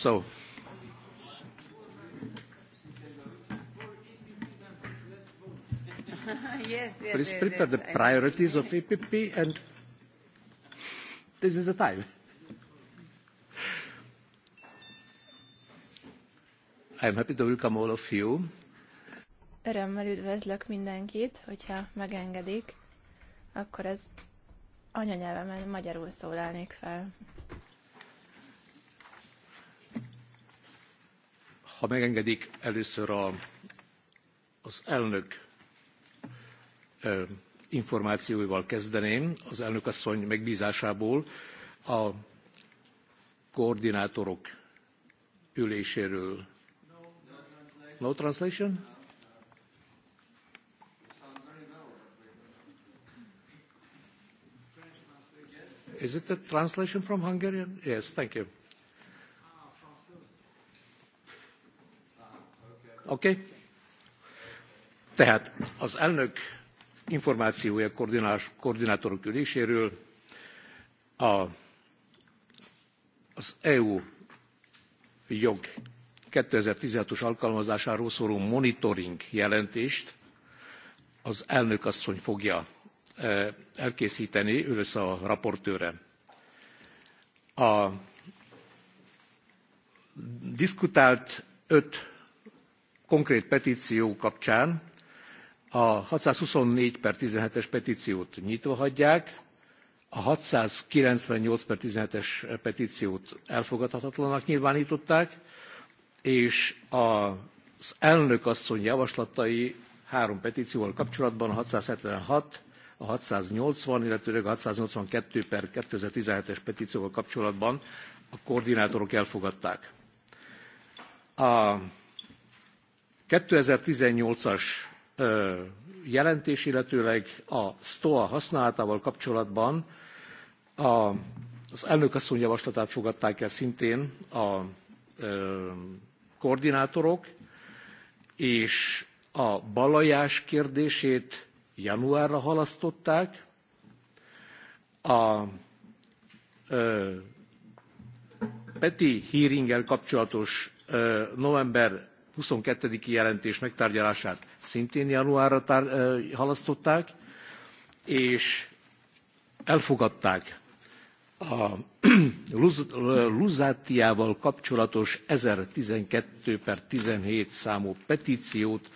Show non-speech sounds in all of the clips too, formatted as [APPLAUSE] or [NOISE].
So. [LAUGHS] yes, yes, Please prepare the priorities of EPP e and this is the time. I am happy to welcome all of you. Örömmel üdvözlök mindenkit, hogyha megengedik, akkor ez anyanyelvemen magyarul szólalnék fel. Ha megengedik, először a, az elnök ö, információival kezdeném, az elnök asszony megbízásából a koordinátorok üléséről. No translation? Is it a translation from Hungarian? Yes, thank you. Oké? Okay? Tehát az elnök információja koordinátorok üléséről a, az EU jog 2016-os alkalmazásáról szóló monitoring jelentést az elnök asszony fogja elkészíteni, ő lesz a raportőre. A diskutált öt konkrét petíció kapcsán a 624 per 17-es petíciót nyitva hagyják, a 698 per 17-es petíciót elfogadhatatlanak nyilvánították, és az elnök asszony javaslatai három petícióval kapcsolatban, 676, a 680, illetőleg a 682 per 2017-es petícióval kapcsolatban a koordinátorok elfogadták. A 2018-as jelentés, illetőleg a STOA használatával kapcsolatban a, az elnök asszony javaslatát fogadták el szintén a ö, koordinátorok, és a balajás kérdését januárra halasztották. A PETI hearinggel kapcsolatos november 22-i jelentés megtárgyalását szintén januárra tár, halasztották, és elfogadták a [CLEARS THROAT] Luz, Luzátiával kapcsolatos 1012 per 17 számú petíciót,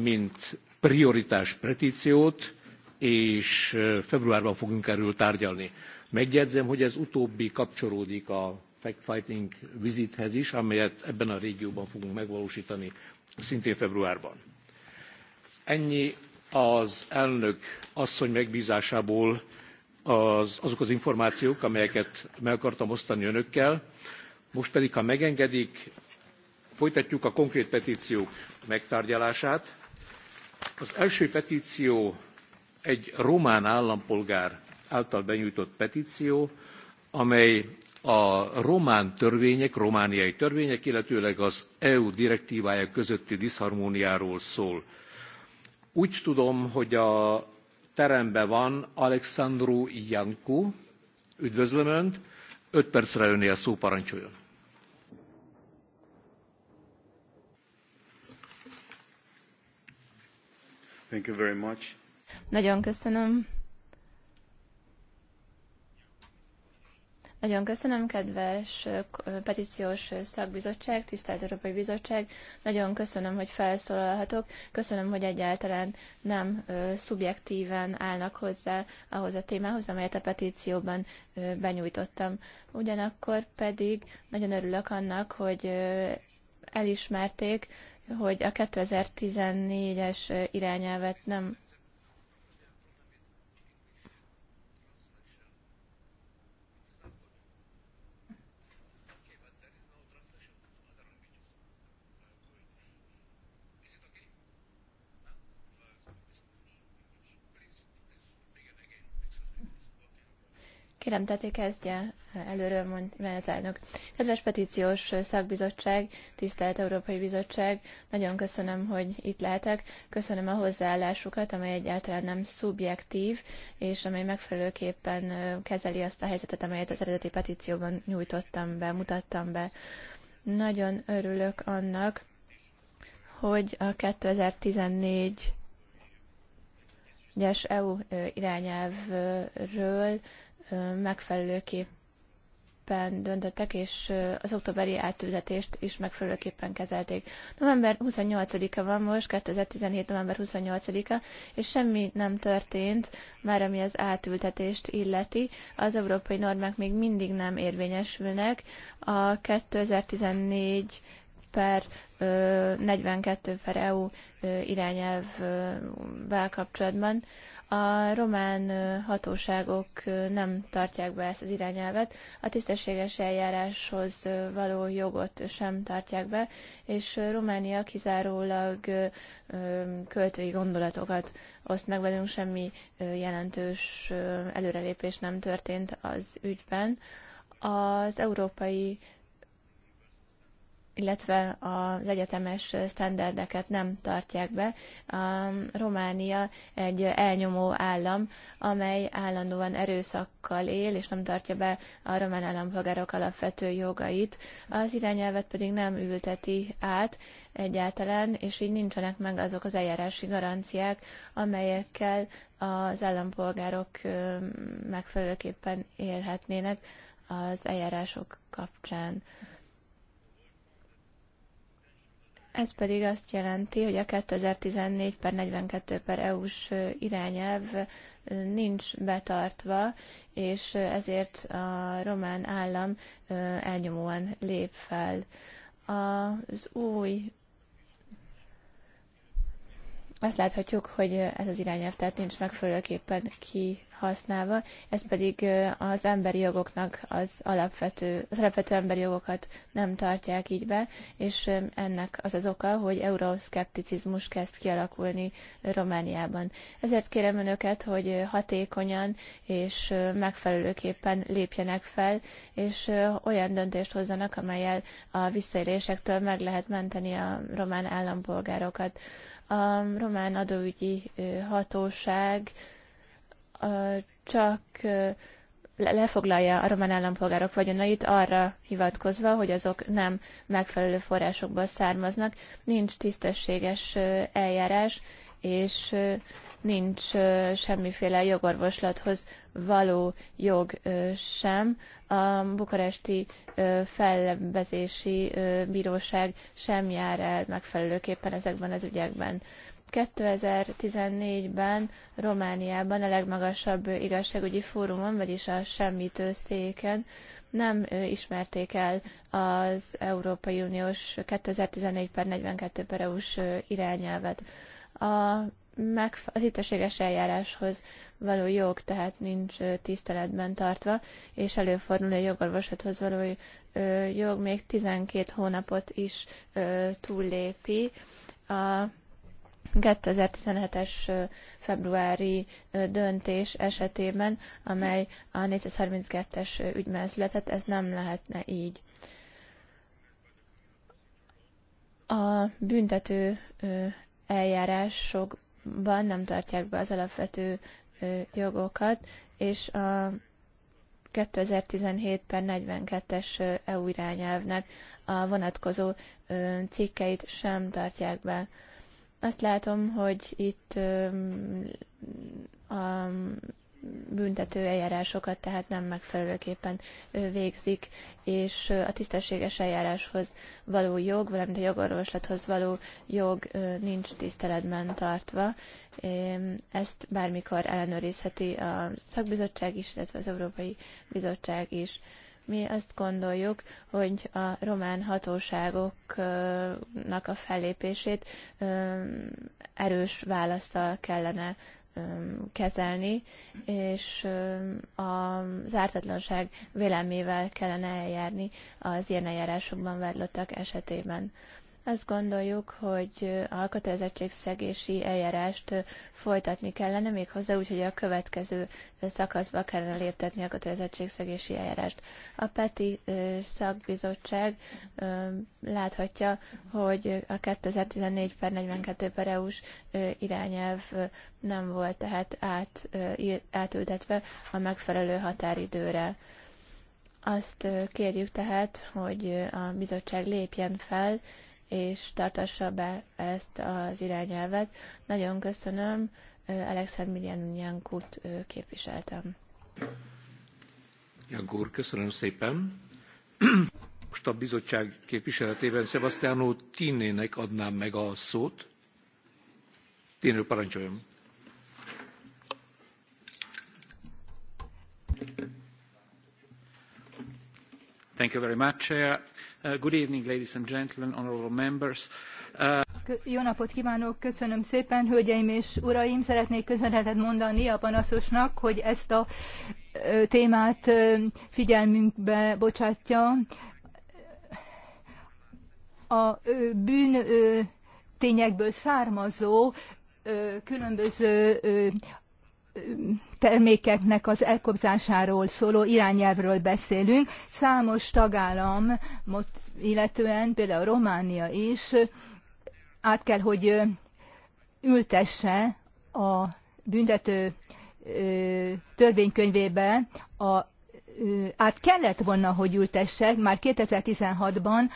mint prioritás petíciót, és februárban fogunk erről tárgyalni. Megjegyzem, hogy ez utóbbi kapcsolódik a fact-fighting vizithez is, amelyet ebben a régióban fogunk megvalósítani szintén februárban. Ennyi az elnök asszony megbízásából az, azok az információk, amelyeket meg akartam osztani önökkel. Most pedig, ha megengedik, folytatjuk a konkrét petíciók megtárgyalását. Az első petíció egy román állampolgár által benyújtott petíció, amely a román törvények, romániai törvények, illetőleg az EU direktívája közötti diszharmóniáról szól. Úgy tudom, hogy a teremben van Alexandru Janku. Üdvözlöm Önt. Öt percre önnél a szó, parancsoljon. Thank you very much. Nagyon köszönöm. Nagyon köszönöm, kedves petíciós szakbizottság, tisztelt Európai Bizottság. Nagyon köszönöm, hogy felszólalhatok. Köszönöm, hogy egyáltalán nem szubjektíven állnak hozzá ahhoz a témához, amelyet a petícióban benyújtottam. Ugyanakkor pedig nagyon örülök annak, hogy elismerték, hogy a 2014-es irányelvet nem Kérem, tehát kezdje előről, mondja az elnök. Kedves petíciós szakbizottság, tisztelt Európai Bizottság, nagyon köszönöm, hogy itt lehetek. Köszönöm a hozzáállásukat, amely egyáltalán nem szubjektív, és amely megfelelőképpen kezeli azt a helyzetet, amelyet az eredeti petícióban nyújtottam be, mutattam be. Nagyon örülök annak, hogy a 2014 es EU irányelvről megfelelőképpen döntöttek, és az októberi átültetést is megfelelőképpen kezelték. November 28-a van most, 2017. november 28-a, és semmi nem történt, már ami az átültetést illeti. Az európai normák még mindig nem érvényesülnek. A 2014 per 42 per EU irányelvvel kapcsolatban a román hatóságok nem tartják be ezt az irányelvet, a tisztességes eljáráshoz való jogot sem tartják be, és Románia kizárólag költői gondolatokat oszt meg velünk, semmi jelentős előrelépés nem történt az ügyben. Az európai illetve az egyetemes sztenderdeket nem tartják be. A Románia egy elnyomó állam, amely állandóan erőszakkal él, és nem tartja be a román állampolgárok alapvető jogait. Az irányelvet pedig nem ülteti át egyáltalán, és így nincsenek meg azok az eljárási garanciák, amelyekkel az állampolgárok megfelelőképpen élhetnének az eljárások kapcsán. Ez pedig azt jelenti, hogy a 2014 per 42 per EU-s irányelv nincs betartva, és ezért a román állam elnyomóan lép fel. Az új azt láthatjuk, hogy ez az irányelv tehát nincs megfelelőképpen ki használva, ez pedig az emberi jogoknak az alapvető, az alapvető emberi jogokat nem tartják így be, és ennek az az oka, hogy euroszkepticizmus kezd kialakulni Romániában. Ezért kérem önöket, hogy hatékonyan és megfelelőképpen lépjenek fel, és olyan döntést hozzanak, amelyel a visszaélésektől meg lehet menteni a román állampolgárokat. A román adóügyi hatóság csak lefoglalja a román állampolgárok vagyonait arra hivatkozva, hogy azok nem megfelelő forrásokból származnak, nincs tisztességes eljárás, és nincs semmiféle jogorvoslathoz való jog sem. A bukaresti fellebbezési bíróság sem jár el megfelelőképpen ezekben az ügyekben. 2014-ben Romániában a legmagasabb igazságügyi fórumon, vagyis a semmitő széken nem ismerték el az Európai Uniós 2014 per 42 per EU-s irányelvet. A meg, az tisztességes eljáráshoz való jog tehát nincs tiszteletben tartva, és előfordul a jogorvosathoz való jog még 12 hónapot is túllépi. A 2017-es februári döntés esetében, amely a 432-es ügyben született, ez nem lehetne így. A büntető eljárásokban nem tartják be az alapvető jogokat, és a 2017 per 42-es EU irányelvnek a vonatkozó cikkeit sem tartják be azt látom, hogy itt a büntető eljárásokat tehát nem megfelelőképpen végzik, és a tisztességes eljáráshoz való jog, valamint a jogorvoslathoz való jog nincs tiszteletben tartva. Ezt bármikor ellenőrizheti a szakbizottság is, illetve az Európai Bizottság is. Mi azt gondoljuk, hogy a román hatóságoknak a fellépését erős választal kellene kezelni, és a zártatlanság vélemével kellene eljárni az ilyen eljárásokban vádlottak esetében. Azt gondoljuk, hogy a kötelezettségszegési eljárást folytatni kellene, még úgy, hogy a következő szakaszba kellene léptetni a kötelezettségszegési eljárást. A PETI szakbizottság láthatja, hogy a 2014 per 42 per EU-s irányelv nem volt tehát át, átültetve a megfelelő határidőre. Azt kérjük tehát, hogy a bizottság lépjen fel, és tartassa be ezt az irányelvet. Nagyon köszönöm, Alexander Jankut képviseltem. Jankur, köszönöm szépen. Most a bizottság képviseletében Sebastiano Tinnének adnám meg a szót. Tinő, parancsoljon! Thank you very much, Chair. Uh, good evening, ladies and gentlemen, honorable members. Uh... Jó napot kívánok, köszönöm szépen, hölgyeim és uraim! Szeretnék köszönetet mondani a panaszosnak, hogy ezt a témát figyelmünkbe bocsátja. A bűn tényekből származó különböző termékeknek az elkobzásáról szóló irányelvről beszélünk. Számos tagállam, illetően, például Románia is, át kell, hogy ültesse a büntető törvénykönyvébe a át kellett volna, hogy ültessek már 2016-ban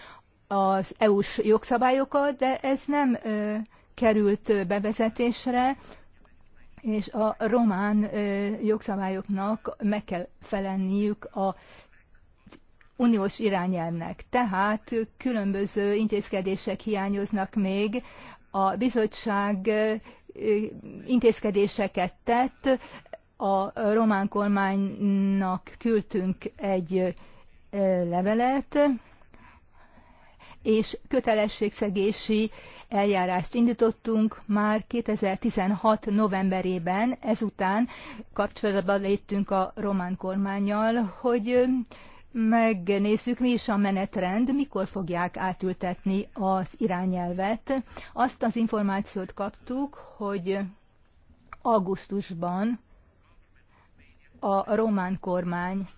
az EU-s jogszabályokat, de ez nem került bevezetésre, és a román jogszabályoknak meg kell felenniük a uniós irányelvnek. Tehát különböző intézkedések hiányoznak még. A bizottság intézkedéseket tett, a román kormánynak küldtünk egy levelet, és kötelességszegési eljárást indítottunk már 2016. novemberében, ezután kapcsolatba léptünk a román kormányjal, hogy megnézzük, mi is a menetrend, mikor fogják átültetni az irányelvet. Azt az információt kaptuk, hogy augusztusban a román kormány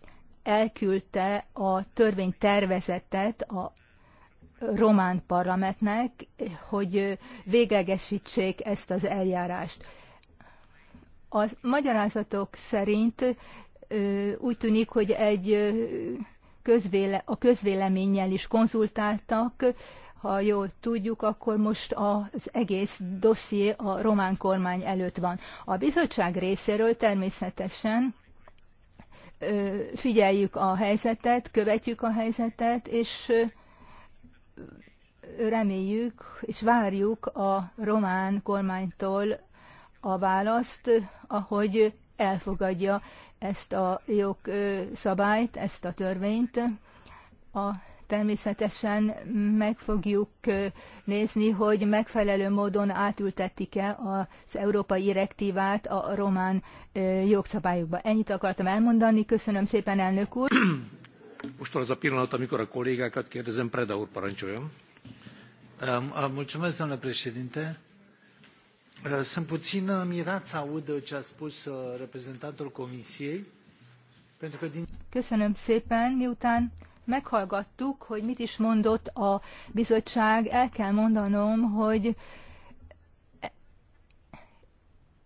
elküldte a törvénytervezetet a román parlamentnek, hogy végegesítsék ezt az eljárást. A magyarázatok szerint úgy tűnik, hogy egy közvéle, a közvéleménnyel is konzultáltak, ha jól tudjuk, akkor most az egész dosszié a román kormány előtt van. A bizottság részéről természetesen figyeljük a helyzetet, követjük a helyzetet, és reméljük és várjuk a román kormánytól a választ, ahogy elfogadja ezt a jogszabályt, ezt a törvényt. A természetesen meg fogjuk nézni, hogy megfelelő módon átültetik-e az európai direktívát a román jogszabályokba. Ennyit akartam elmondani. Köszönöm szépen, elnök úr! Most van az a pillanat, amikor a kollégákat kérdezem, Preda úr parancsoljon. Mulțumesc, domnule președinte. Sunt puțin mirat să aud ce a spus uh, reprezentantul Comisiei, pentru că din... Köszönöm szépen, miután meghallgattuk, hogy mit is mondott a bizottság, el kell mondanom, hogy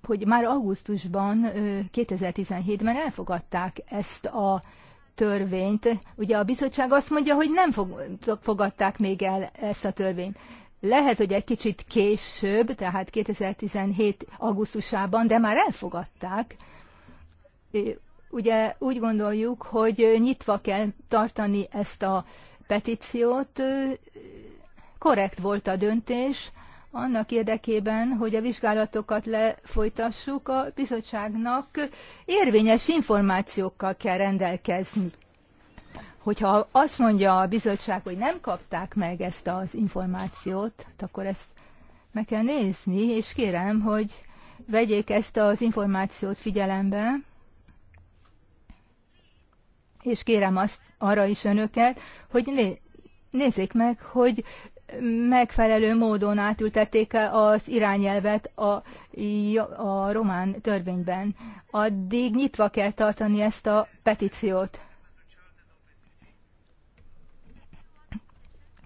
hogy már augusztusban 2017-ben elfogadták ezt a törvényt. Ugye a bizottság azt mondja, hogy nem fogadták még el ezt a törvényt. Lehet, hogy egy kicsit később, tehát 2017. augusztusában, de már elfogadták. Ugye úgy gondoljuk, hogy nyitva kell tartani ezt a petíciót. Korrekt volt a döntés, annak érdekében, hogy a vizsgálatokat lefolytassuk, a bizottságnak érvényes információkkal kell rendelkezni. Hogyha azt mondja a bizottság, hogy nem kapták meg ezt az információt, hát akkor ezt meg kell nézni, és kérem, hogy vegyék ezt az információt figyelembe, és kérem azt arra is önöket, hogy né- nézzék meg, hogy megfelelő módon átültették -e az irányelvet a, a román törvényben. Addig nyitva kell tartani ezt a petíciót.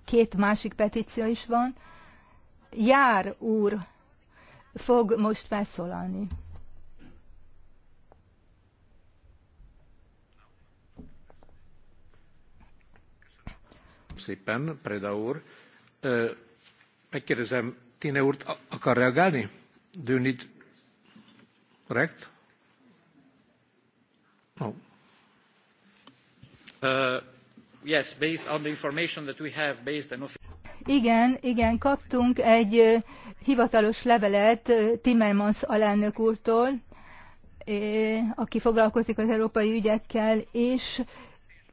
Két másik petíció is van. Jár úr fog most felszólalni. szépen, Preda úr megkérdezem, Tine úr akar reagálni? Do you No. Uh, yes, based on the information that we have, based on... Igen, igen, kaptunk egy hivatalos levelet Timmermans alelnök úrtól, aki foglalkozik az európai ügyekkel, és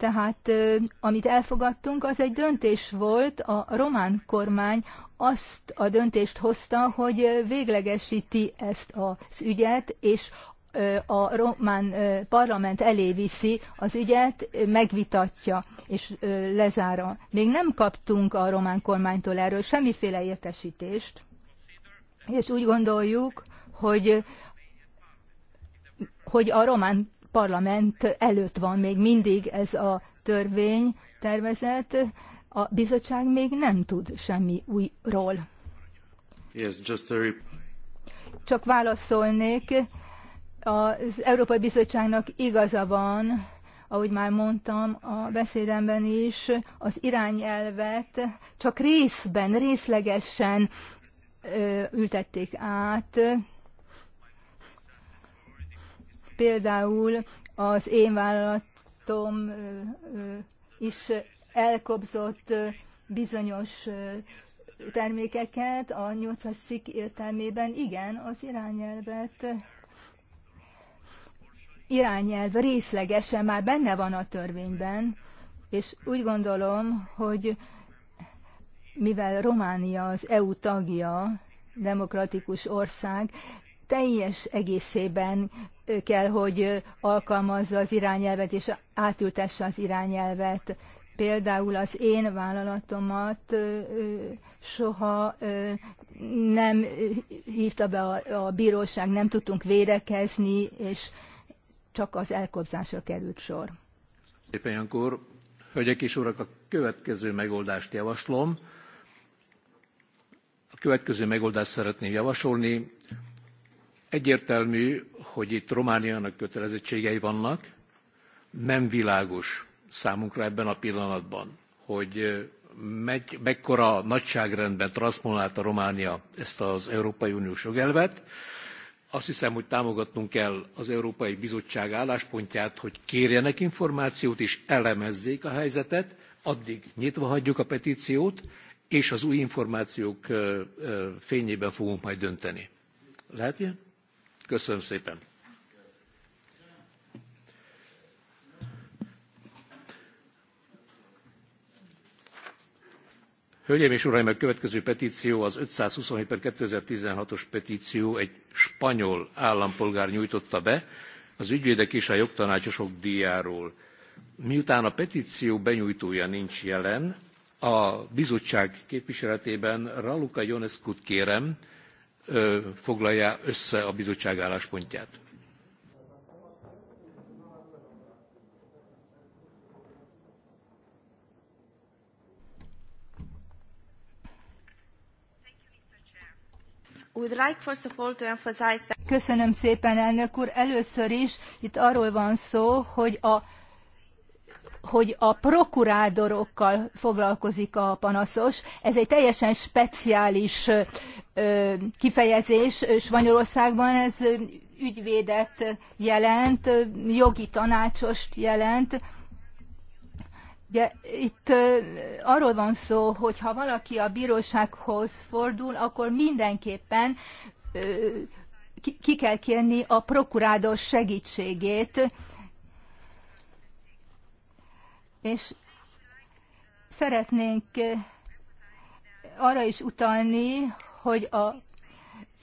tehát amit elfogadtunk, az egy döntés volt, a román kormány azt a döntést hozta, hogy véglegesíti ezt az ügyet, és a román parlament elé viszi az ügyet, megvitatja és lezára. Még nem kaptunk a román kormánytól erről semmiféle értesítést, és úgy gondoljuk, hogy, hogy a román parlament előtt van még mindig ez a törvény tervezet, a bizottság még nem tud semmi újról. Yes, just a... Csak válaszolnék, az Európai Bizottságnak igaza van, ahogy már mondtam a beszédemben is, az irányelvet csak részben, részlegesen ültették át, Például az én vállalatom is elkobzott bizonyos termékeket a 8 értelmében, igen, az irányelvet irányelv részlegesen már benne van a törvényben, és úgy gondolom, hogy mivel Románia az EU tagja, demokratikus ország, teljes egészében kell, hogy alkalmazza az irányelvet és átültesse az irányelvet. Például az én vállalatomat soha nem hívta be a, bíróság, nem tudtunk védekezni, és csak az elkobzásra került sor. Szépen, Jankor. Hölgyek és urak, a következő megoldást javaslom. A következő megoldást szeretném javasolni Egyértelmű, hogy itt Romániának kötelezettségei vannak, nem világos számunkra ebben a pillanatban, hogy megy, mekkora nagyságrendben transzponálta Románia ezt az Európai Uniós jogelvet. Azt hiszem, hogy támogatnunk kell az Európai Bizottság álláspontját, hogy kérjenek információt és elemezzék a helyzetet, addig nyitva hagyjuk a petíciót, és az új információk fényében fogunk majd dönteni. Lehet ilyen? Köszönöm szépen! Hölgyeim és Uraim, a következő petíció az 527 per 2016-os petíció egy spanyol állampolgár nyújtotta be az ügyvédek és a jogtanácsosok díjáról. Miután a petíció benyújtója nincs jelen, a bizottság képviseletében Raluca Ionescu-t kérem, foglalja össze a bizottság álláspontját. Köszönöm szépen, elnök úr. Először is itt arról van szó, hogy a hogy a prokurádorokkal foglalkozik a panaszos. Ez egy teljesen speciális kifejezés Spanyolországban, ez ügyvédet jelent, jogi tanácsost jelent. Ugye itt arról van szó, hogy ha valaki a bírósághoz fordul, akkor mindenképpen ki kell kérni a prokurádor segítségét, és szeretnénk arra is utalni, hogy a,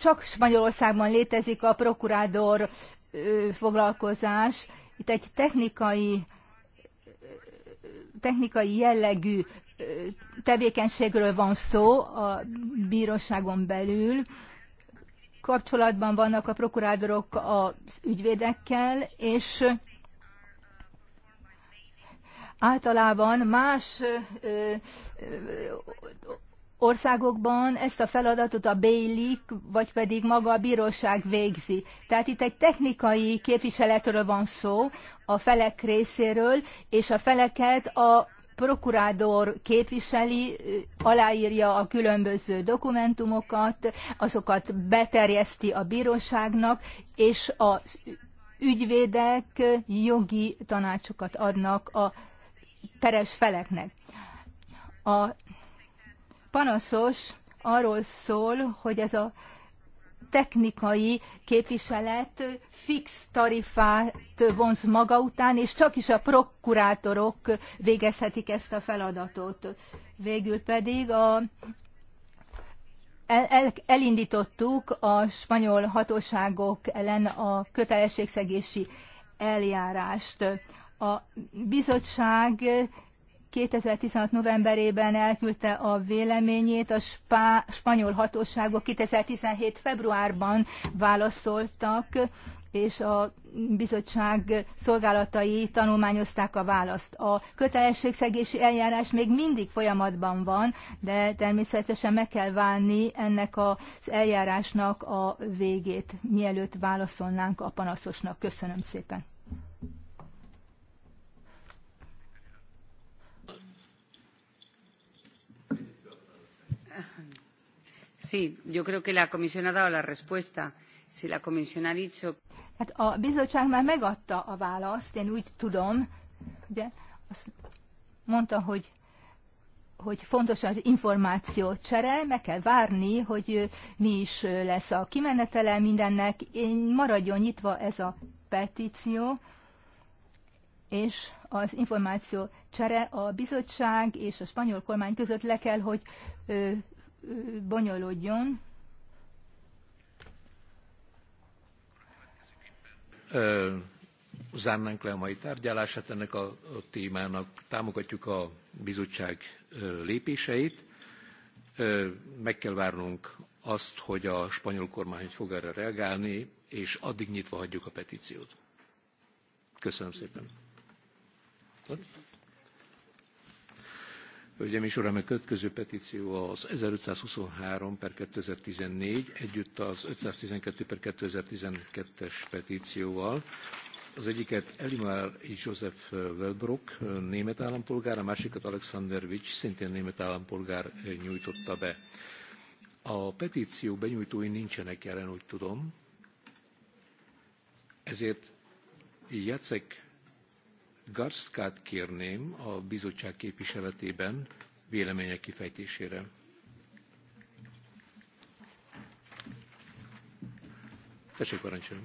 csak Magyarországban létezik a prokurátor foglalkozás. Itt egy technikai, technikai jellegű tevékenységről van szó a bíróságon belül. Kapcsolatban vannak a prokurátorok az ügyvédekkel, és általában más ö, ö, országokban ezt a feladatot a bélik, vagy pedig maga a bíróság végzi. Tehát itt egy technikai képviseletről van szó a felek részéről, és a feleket a prokurátor képviseli, aláírja a különböző dokumentumokat, azokat beterjeszti a bíróságnak, és az ügyvédek jogi tanácsokat adnak a peres feleknek. A panaszos arról szól, hogy ez a technikai képviselet fix tarifát vonz maga után, és csak is a prokurátorok végezhetik ezt a feladatot. Végül pedig a, el, el, elindítottuk a spanyol hatóságok ellen a kötelességszegési eljárást. A bizottság 2016 novemberében elküldte a véleményét, a spá, spanyol hatóságok 2017 februárban válaszoltak, és a bizottság szolgálatai tanulmányozták a választ. A kötelességszegési eljárás még mindig folyamatban van, de természetesen meg kell válni ennek az eljárásnak a végét, mielőtt válaszolnánk a panaszosnak. Köszönöm szépen. Hát a bizottság már megadta a választ, én úgy tudom, de azt mondta, hogy hogy fontos az információ csere, meg kell várni, hogy mi is lesz a kimenetele mindennek. Én maradjon nyitva ez a petíció, és az információ csere a bizottság és a spanyol kormány között le kell, hogy bonyolódjon. Zárnánk le a mai tárgyalását ennek a témának. Támogatjuk a bizottság lépéseit. Meg kell várnunk azt, hogy a spanyol kormány fog erre reagálni, és addig nyitva hagyjuk a petíciót. Köszönöm szépen. Hölgyeim és Uram, a következő petíció az 1523 per 2014, együtt az 512 per 2012-es petícióval. Az egyiket Elimar Joseph Welbrock, német állampolgár, a másikat Alexander Vich szintén német állampolgár nyújtotta be. A petíció benyújtói nincsenek jelen, úgy tudom, ezért Jacek Garszkát kérném a bizottság képviseletében vélemények kifejtésére. Tessék, parancsoljon!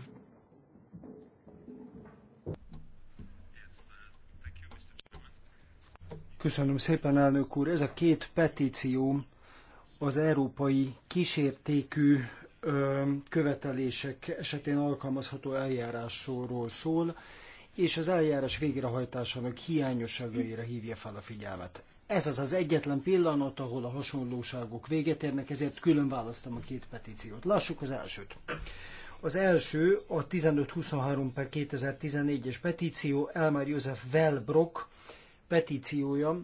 Köszönöm szépen, elnök úr. Ez a két petíció az európai kísértékű követelések esetén alkalmazható eljárásról szól, és az eljárás végrehajtásának hiányosságaira hívja fel a figyelmet. Ez az az egyetlen pillanat, ahol a hasonlóságok véget érnek, ezért külön választom a két petíciót. Lássuk az elsőt. Az első a 1523 per 2014-es petíció, Elmár József Velbrock petíciója,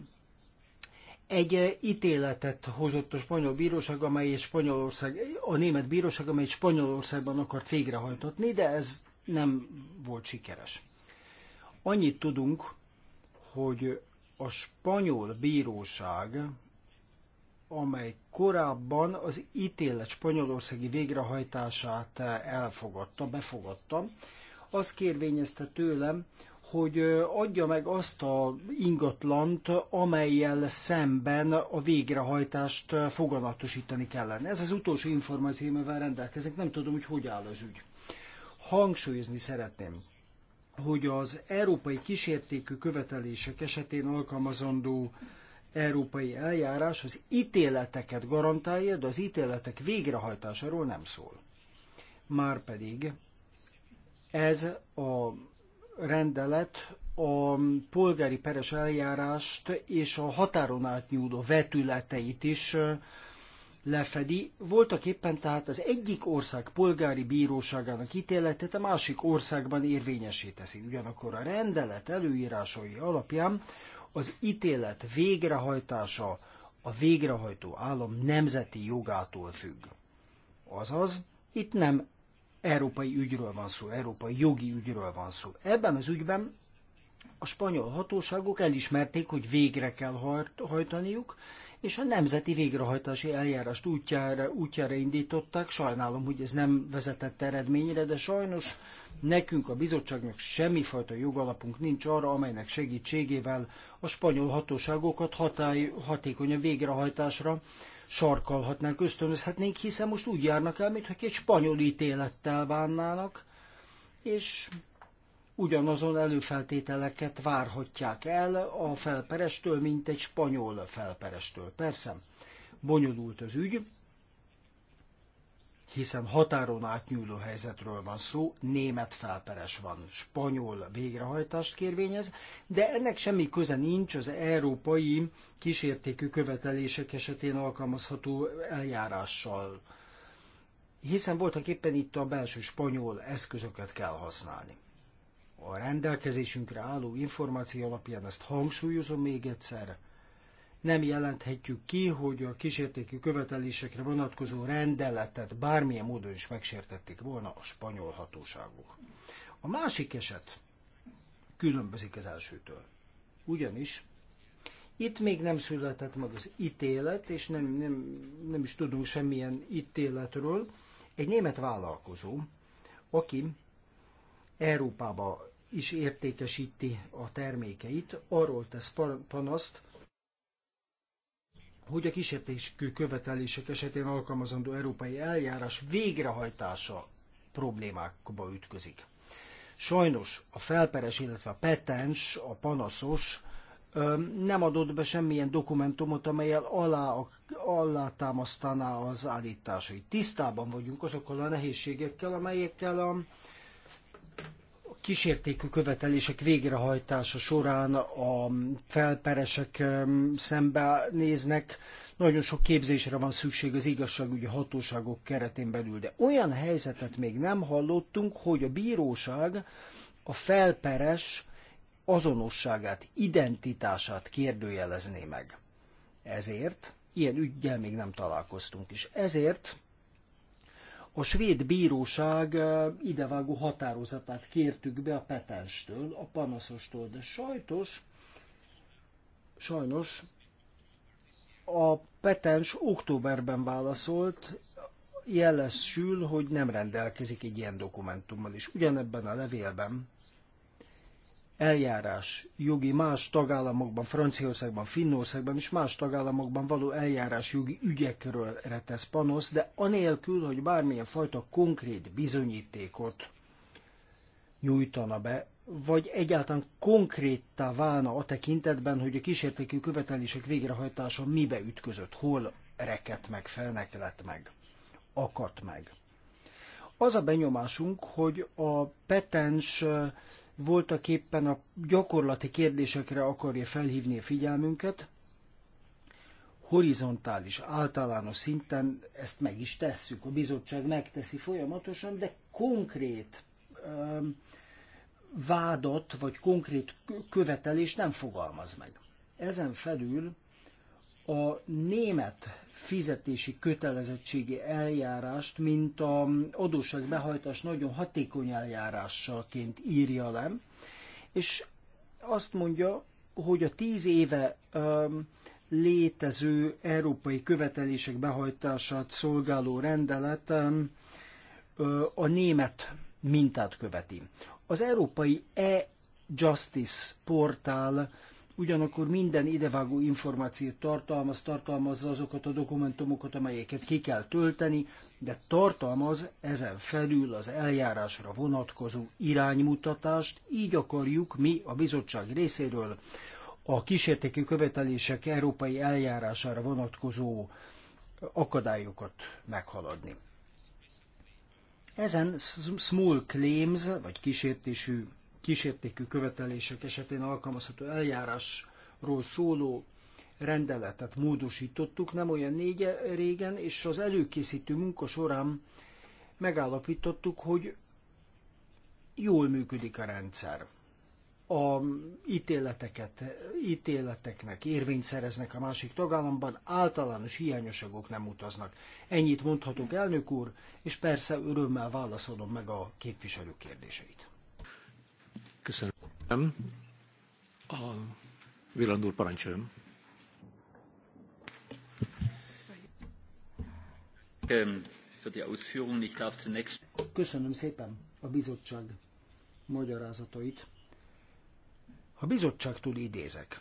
egy eh, ítéletet hozott a spanyol bíróság, amely Spanyolország, a német bíróság, amely Spanyolországban akart végrehajtatni, de ez nem volt sikeres. Annyit tudunk, hogy a spanyol bíróság, amely korábban az ítélet spanyolországi végrehajtását elfogadta, befogadta, azt kérvényezte tőlem, hogy adja meg azt a ingatlant, amelyel szemben a végrehajtást foganatosítani kellene. Ez az utolsó információ, amivel rendelkezik, nem tudom, hogy hogy áll az ügy. Hangsúlyozni szeretném, hogy az európai kísértékű követelések esetén alkalmazandó európai eljárás az ítéleteket garantálja, de az ítéletek végrehajtásáról nem szól. Márpedig ez a rendelet a polgári peres eljárást és a határon átnyúló vetületeit is lefedi, voltak éppen tehát az egyik ország polgári bíróságának ítéletét a másik országban érvényesé teszi. Ugyanakkor a rendelet előírásai alapján az ítélet végrehajtása a végrehajtó állam nemzeti jogától függ. Azaz, itt nem európai ügyről van szó, európai jogi ügyről van szó. Ebben az ügyben a spanyol hatóságok elismerték, hogy végre kell hajtaniuk, és a nemzeti végrehajtási eljárást útjára, útjára indították. Sajnálom, hogy ez nem vezetett eredményre, de sajnos nekünk a bizottságnak semmifajta jogalapunk nincs arra, amelynek segítségével a spanyol hatóságokat hatály, hatékonyabb végrehajtásra sarkalhatnánk, ösztönözhetnénk, hiszen most úgy járnak el, mintha egy spanyol ítélettel bánnának, és ugyanazon előfeltételeket várhatják el a felperestől, mint egy spanyol felperestől. Persze, bonyolult az ügy, hiszen határon átnyúló helyzetről van szó, német felperes van, spanyol végrehajtást kérvényez, de ennek semmi köze nincs az európai kísértékű követelések esetén alkalmazható eljárással, hiszen voltak éppen itt a belső spanyol eszközöket kell használni a rendelkezésünkre álló információ alapján, ezt hangsúlyozom még egyszer, nem jelenthetjük ki, hogy a kísértékű követelésekre vonatkozó rendeletet bármilyen módon is megsértették volna a spanyol hatóságok. A másik eset különbözik az elsőtől. Ugyanis itt még nem született meg az ítélet, és nem, nem, nem is tudunk semmilyen ítéletről. Egy német vállalkozó, aki Európába is értékesíti a termékeit, arról tesz panaszt, hogy a kísértéskű követelések esetén alkalmazandó európai eljárás végrehajtása problémákba ütközik. Sajnos a felperes, illetve a petens, a panaszos nem adott be semmilyen dokumentumot, amelyel alá, alá támasztaná az állításait. Tisztában vagyunk azokkal a nehézségekkel, amelyekkel a kísértékű követelések végrehajtása során a felperesek szembe néznek, nagyon sok képzésre van szükség az igazságügyi hatóságok keretén belül, de olyan helyzetet még nem hallottunk, hogy a bíróság a felperes azonosságát, identitását kérdőjelezné meg. Ezért ilyen ügygel még nem találkoztunk, és ezért a svéd bíróság idevágó határozatát kértük be a petenstől, a panaszostól, de sajtos, sajnos a petens októberben válaszolt, jelesül, hogy nem rendelkezik egy ilyen dokumentummal, és ugyanebben a levélben eljárás jogi más tagállamokban, Franciaországban, Finnországban és más tagállamokban való eljárás jogi ügyekről retesz panosz, de anélkül, hogy bármilyen fajta konkrét bizonyítékot nyújtana be, vagy egyáltalán konkréttá válna a tekintetben, hogy a kísértékű követelések végrehajtása mibe ütközött, hol rekett meg, lett meg, akadt meg. Az a benyomásunk, hogy a petens voltak éppen a gyakorlati kérdésekre akarja felhívni a figyelmünket, horizontális, általános szinten ezt meg is tesszük, a bizottság megteszi folyamatosan, de konkrét um, vádat vagy konkrét követelést nem fogalmaz meg. Ezen felül a német fizetési kötelezettségi eljárást, mint a behajtás nagyon hatékony eljárásaként írja le, és azt mondja, hogy a tíz éve ö, létező európai követelések behajtását szolgáló rendelet ö, a német mintát követi. Az európai e-justice portál ugyanakkor minden idevágó információt tartalmaz, tartalmazza azokat a dokumentumokat, amelyeket ki kell tölteni, de tartalmaz ezen felül az eljárásra vonatkozó iránymutatást, így akarjuk mi a bizottság részéről a kísértékű követelések európai eljárására vonatkozó akadályokat meghaladni. Ezen small claims, vagy kísértésű kísértékű követelések esetén alkalmazható eljárásról szóló rendeletet módosítottuk nem olyan négy régen, és az előkészítő munka során megállapítottuk, hogy jól működik a rendszer. A ítéleteket, ítéleteknek érvényt szereznek a másik tagállamban, általános hiányosságok nem utaznak. Ennyit mondhatok, elnök úr, és persze örömmel válaszolom meg a képviselő kérdéseit. Köszönöm. A Villand úr parancsoljon. Ähm, Köszönöm szépen a bizottság magyarázatait. A bizottságtól idézek.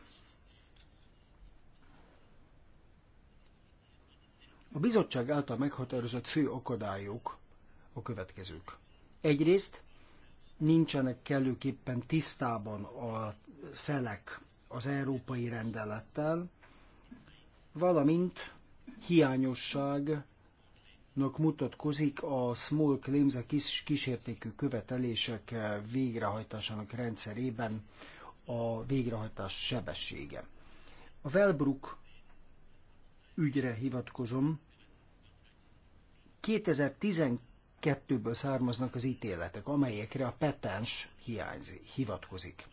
A bizottság által meghatározott fő akadályok a következők. Egyrészt nincsenek kellőképpen tisztában a felek az európai rendelettel, valamint hiányosságnak mutatkozik a small claims, a kis, kísértékű követelések végrehajtásának rendszerében a végrehajtás sebessége. A Wellbrook ügyre hivatkozom, 2012 kettőből származnak az ítéletek, amelyekre a petens hivatkozik.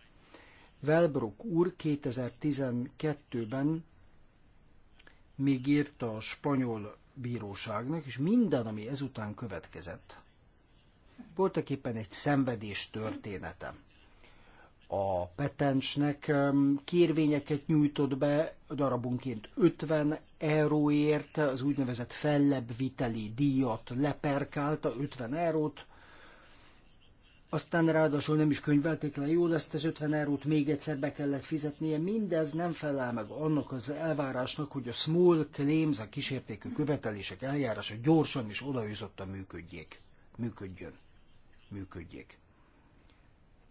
Velbrook úr 2012-ben még írta a spanyol bíróságnak, és minden, ami ezután következett, voltak éppen egy szenvedés történetem a petensnek kérvényeket nyújtott be darabunként 50 euróért, az úgynevezett fellebbviteli díjat leperkálta, 50 eurót, aztán ráadásul nem is könyvelték le jól, ezt az 50 eurót még egyszer be kellett fizetnie. Mindez nem felel meg annak az elvárásnak, hogy a small claims, a kísértékű követelések eljárása gyorsan és a működjék. Működjön. Működjék.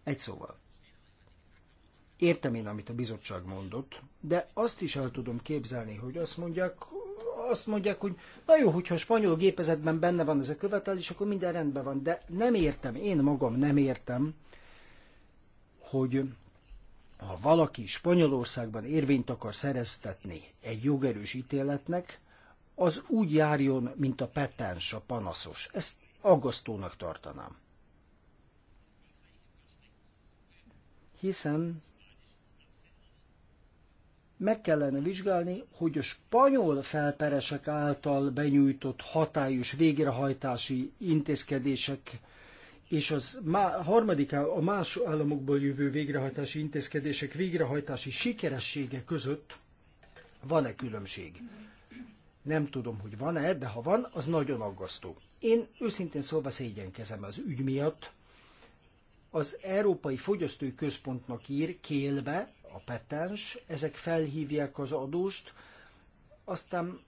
Egy szóval. Értem én, amit a bizottság mondott, de azt is el tudom képzelni, hogy azt mondják, azt mondják, hogy na jó, hogyha a spanyol gépezetben benne van ez a követelés, akkor minden rendben van, de nem értem, én magam nem értem, hogy ha valaki Spanyolországban érvényt akar szereztetni egy jogerős ítéletnek, az úgy járjon, mint a petens, a panaszos. Ezt aggasztónak tartanám. Hiszen meg kellene vizsgálni, hogy a spanyol felperesek által benyújtott hatályos végrehajtási intézkedések és az má, harmadik a más államokból jövő végrehajtási intézkedések végrehajtási sikeressége között van-e különbség? Nem tudom, hogy van-e, de ha van, az nagyon aggasztó. Én őszintén szólva szégyenkezem az ügy miatt. Az Európai Fogyasztói Központnak ír kélbe a petens, ezek felhívják az adóst, aztán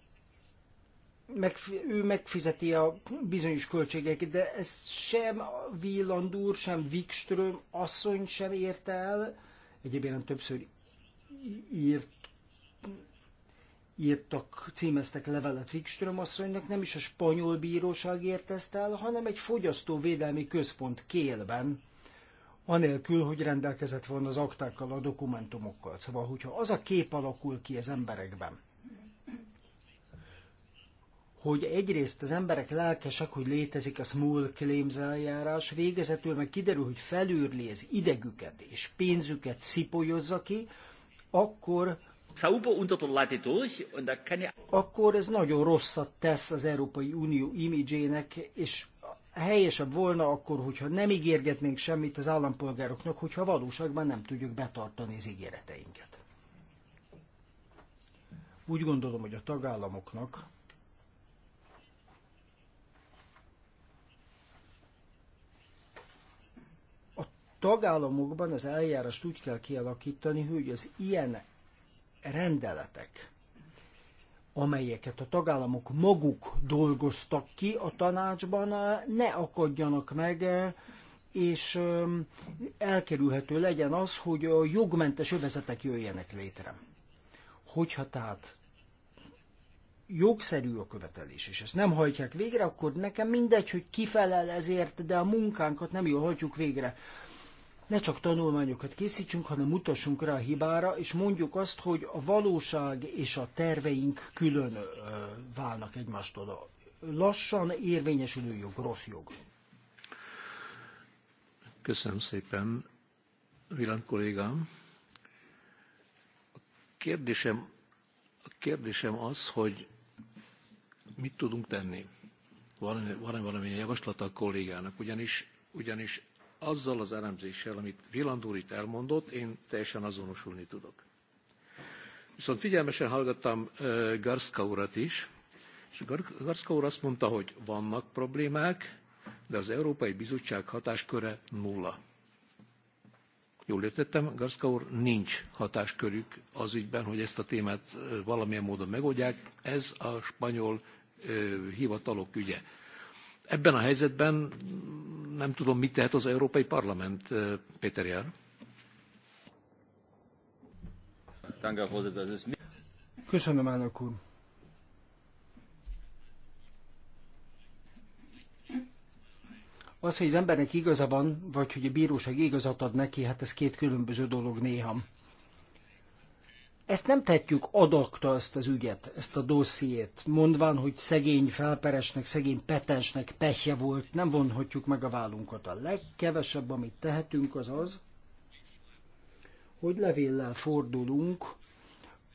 meg, ő megfizeti a bizonyos költségeket, de ez sem Villandúr, sem Wikström asszony sem érte el. Egyébként többször írt, írtak, címeztek levelet Wikström asszonynak, nem is a spanyol bíróság ért ezt el, hanem egy fogyasztóvédelmi központ Kélben anélkül, hogy rendelkezett volna az aktákkal, a dokumentumokkal. Szóval, hogyha az a kép alakul ki az emberekben, hogy egyrészt az emberek lelkesek, hogy létezik a small claims eljárás, végezetül meg kiderül, hogy felőrli az idegüket és pénzüket szipolyozza ki, akkor akkor ez nagyon rosszat tesz az Európai Unió imidzsének, és helyesebb volna akkor, hogyha nem ígérgetnénk semmit az állampolgároknak, hogyha valóságban nem tudjuk betartani az ígéreteinket. Úgy gondolom, hogy a tagállamoknak a tagállamokban az eljárást úgy kell kialakítani, hogy az ilyen rendeletek amelyeket a tagállamok maguk dolgoztak ki a tanácsban, ne akadjanak meg, és elkerülhető legyen az, hogy a jogmentes övezetek jöjjenek létre. Hogyha tehát jogszerű a követelés, és ezt nem hajtják végre, akkor nekem mindegy, hogy kifelel ezért, de a munkánkat nem jól hagyjuk végre ne csak tanulmányokat készítsünk, hanem mutassunk rá a hibára, és mondjuk azt, hogy a valóság és a terveink külön válnak egymástól. lassan érvényesülő jog, rossz jog. Köszönöm szépen, Vilán kollégám. A kérdésem, a kérdésem az, hogy mit tudunk tenni. Van, e valamilyen javaslata a kollégának, ugyanis, ugyanis azzal az elemzéssel, amit Villandúr itt elmondott, én teljesen azonosulni tudok. Viszont figyelmesen hallgattam Garszka urat is, és Garszka úr azt mondta, hogy vannak problémák, de az Európai Bizottság hatásköre nulla. Jól értettem, Garszka úr, nincs hatáskörük az ügyben, hogy ezt a témát valamilyen módon megoldják. Ez a spanyol hivatalok ügye. Ebben a helyzetben nem tudom, mit tehet az Európai Parlament, eh, Péter Jár. Köszönöm, elnök úr. Az, hogy az embernek igaza van, vagy hogy a bíróság igazat ad neki, hát ez két különböző dolog néha. Ezt nem tetjük adakta ezt az ügyet, ezt a dossziét, mondván, hogy szegény felperesnek, szegény petensnek pehje volt, nem vonhatjuk meg a vállunkat. A legkevesebb, amit tehetünk, az az, hogy levéllel fordulunk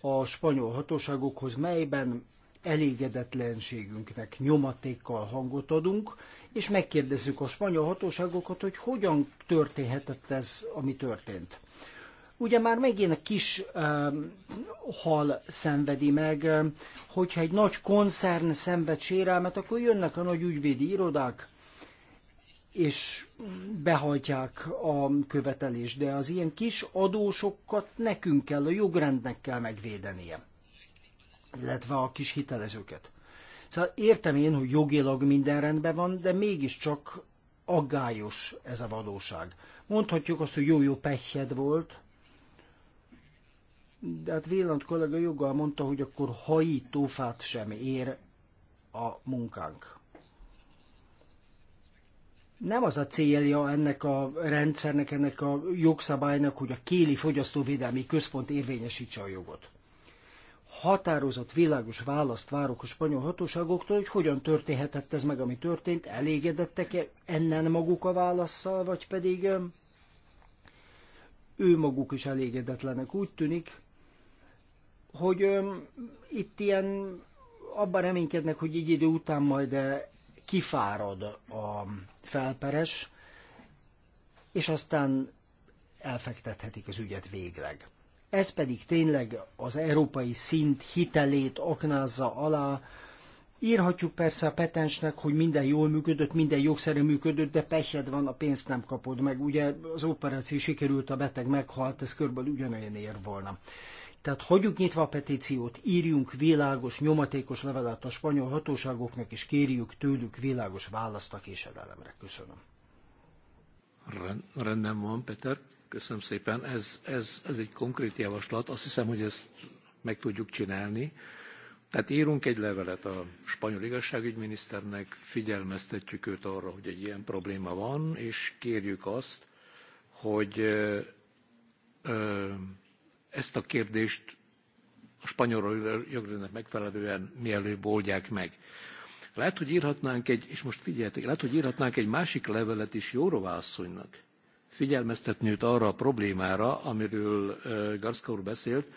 a spanyol hatóságokhoz, melyben elégedetlenségünknek nyomatékkal hangot adunk, és megkérdezzük a spanyol hatóságokat, hogy hogyan történhetett ez, ami történt ugye már megint a kis um, hal szenvedi meg, um, hogyha egy nagy koncern szenved sérelmet, akkor jönnek a nagy ügyvédi irodák, és behajtják a követelést, de az ilyen kis adósokat nekünk kell, a jogrendnek kell megvédenie, illetve a kis hitelezőket. Szóval értem én, hogy jogilag minden rendben van, de mégiscsak aggályos ez a valóság. Mondhatjuk azt, hogy jó-jó pehjed volt, de hát Véland kollega joggal mondta, hogy akkor hajítófát sem ér a munkánk. Nem az a célja ennek a rendszernek, ennek a jogszabálynak, hogy a Kéli Fogyasztóvédelmi Központ érvényesítse a jogot. Határozott, világos választ várok a spanyol hatóságoktól, hogy hogyan történhetett ez meg, ami történt, elégedettek-e ennen maguk a válaszsal, vagy pedig ő maguk is elégedetlenek. Úgy tűnik, hogy öm, itt ilyen abban reménykednek, hogy egy idő után majd kifárad a felperes, és aztán elfektethetik az ügyet végleg. Ez pedig tényleg az európai szint hitelét aknázza alá. Írhatjuk persze a petensnek, hogy minden jól működött, minden jogszerű működött, de pehjed van, a pénzt nem kapod meg. Ugye az operáció sikerült, a beteg meghalt, ez körülbelül ugyanolyan ér volna. Tehát hagyjuk nyitva a petíciót, írjunk világos, nyomatékos levelet a spanyol hatóságoknak, és kérjük tőlük világos választ a késedelemre. Köszönöm. Rendben van, Peter. Köszönöm szépen. Ez, ez, ez egy konkrét javaslat. Azt hiszem, hogy ezt meg tudjuk csinálni. Tehát írunk egy levelet a spanyol igazságügyminiszternek, figyelmeztetjük őt arra, hogy egy ilyen probléma van, és kérjük azt, hogy ö, ö, ezt a kérdést a spanyol jogrendnek megfelelően mielőbb oldják meg. Lehet, hogy írhatnánk egy, és most figyeljetek, lehet, hogy írhatnánk egy másik levelet is Jórová asszonynak, figyelmeztetni őt arra a problémára, amiről Garszka úr beszélt,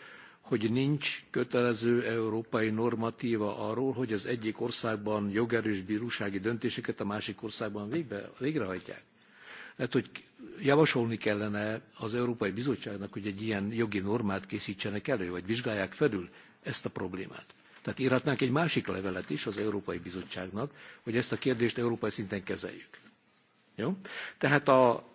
hogy nincs kötelező európai normatíva arról, hogy az egyik országban jogerős bírósági döntéseket a másik országban végbe, végrehajtják. Lehet, hogy javasolni kellene az Európai Bizottságnak, hogy egy ilyen jogi normát készítsenek elő, vagy vizsgálják felül ezt a problémát. Tehát írhatnánk egy másik levelet is az Európai Bizottságnak, hogy ezt a kérdést európai szinten kezeljük. Jó? Tehát a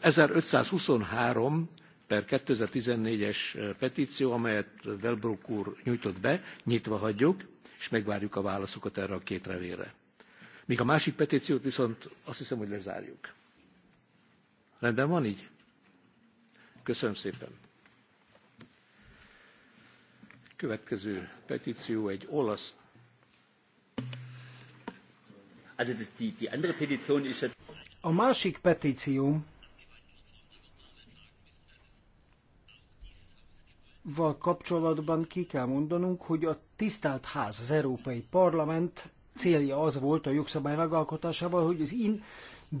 1523 per 2014-es petíció, amelyet Delbrook úr nyújtott be, nyitva hagyjuk, és megvárjuk a válaszokat erre a két revére. Míg a másik petíciót viszont azt hiszem, hogy lezárjuk. Rendben van így? Köszönöm szépen. Következő petíció egy olasz. A másik petíció val kapcsolatban ki kell mondanunk, hogy a tisztelt ház, az Európai Parlament célja az volt a jogszabály megalkotásával, hogy az in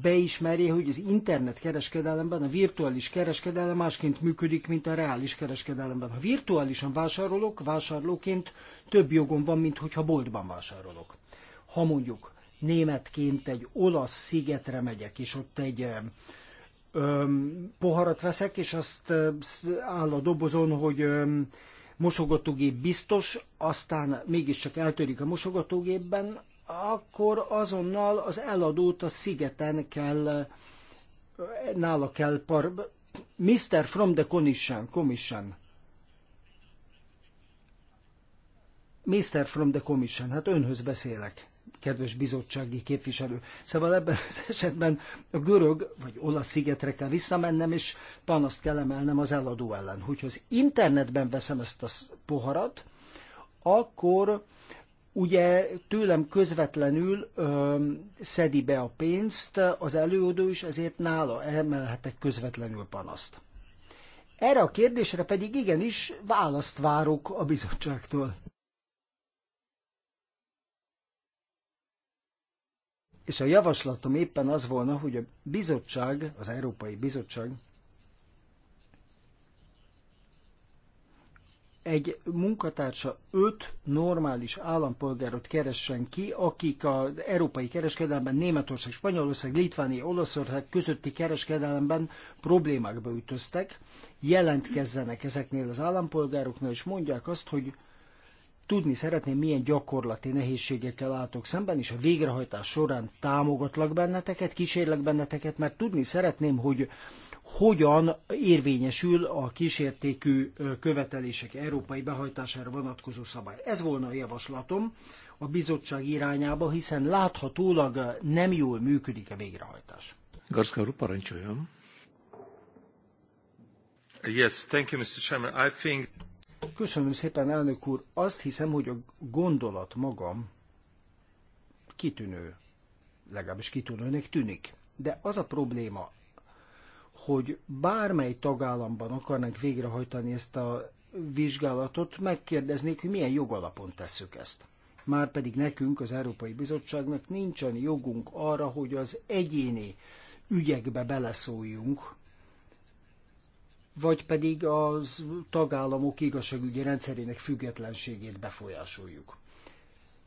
beismeri, hogy az internet kereskedelemben a virtuális kereskedelem másként működik, mint a reális kereskedelemben. Ha virtuálisan vásárolok, vásárlóként több jogom van, mint hogyha boltban vásárolok. Ha mondjuk németként egy olasz szigetre megyek, és ott egy öm, poharat veszek, és azt áll a dobozon, hogy öm, mosogatógép biztos, aztán mégiscsak eltörik a mosogatógépben, akkor azonnal az eladót a szigeten kell, nála kell par... Mr. from the Commission, Commission. Mr. from the Commission, hát önhöz beszélek, kedves bizottsági képviselő. Szóval ebben az esetben a görög vagy olasz szigetre kell visszamennem, és panaszt kell emelnem az eladó ellen. Hogyha az internetben veszem ezt a poharat, akkor ugye tőlem közvetlenül ö, szedi be a pénzt az előadó is, ezért nála emelhetek közvetlenül panaszt. Erre a kérdésre pedig igenis választ várok a bizottságtól. És a javaslatom éppen az volna, hogy a bizottság, az Európai Bizottság egy munkatársa öt normális állampolgárot keressen ki, akik az európai kereskedelemben Németország, Spanyolország, Litvánia, Olaszország közötti kereskedelemben problémákba ütöztek, jelentkezzenek ezeknél az állampolgároknál, és mondják azt, hogy tudni szeretném, milyen gyakorlati nehézségekkel álltok szemben, és a végrehajtás során támogatlak benneteket, kísérlek benneteket, mert tudni szeretném, hogy hogyan érvényesül a kísértékű követelések európai behajtására vonatkozó szabály. Ez volna a javaslatom a bizottság irányába, hiszen láthatólag nem jól működik a végrehajtás. Garszka úr, parancsoljon. Yes, thank you, Mr. Chairman. I think... Köszönöm szépen, elnök úr. Azt hiszem, hogy a gondolat magam kitűnő, legalábbis kitűnőnek tűnik. De az a probléma hogy bármely tagállamban akarnak végrehajtani ezt a vizsgálatot, megkérdeznék, hogy milyen jogalapon tesszük ezt. Márpedig nekünk, az Európai Bizottságnak nincsen jogunk arra, hogy az egyéni ügyekbe beleszóljunk, vagy pedig az tagállamok igazságügyi rendszerének függetlenségét befolyásoljuk.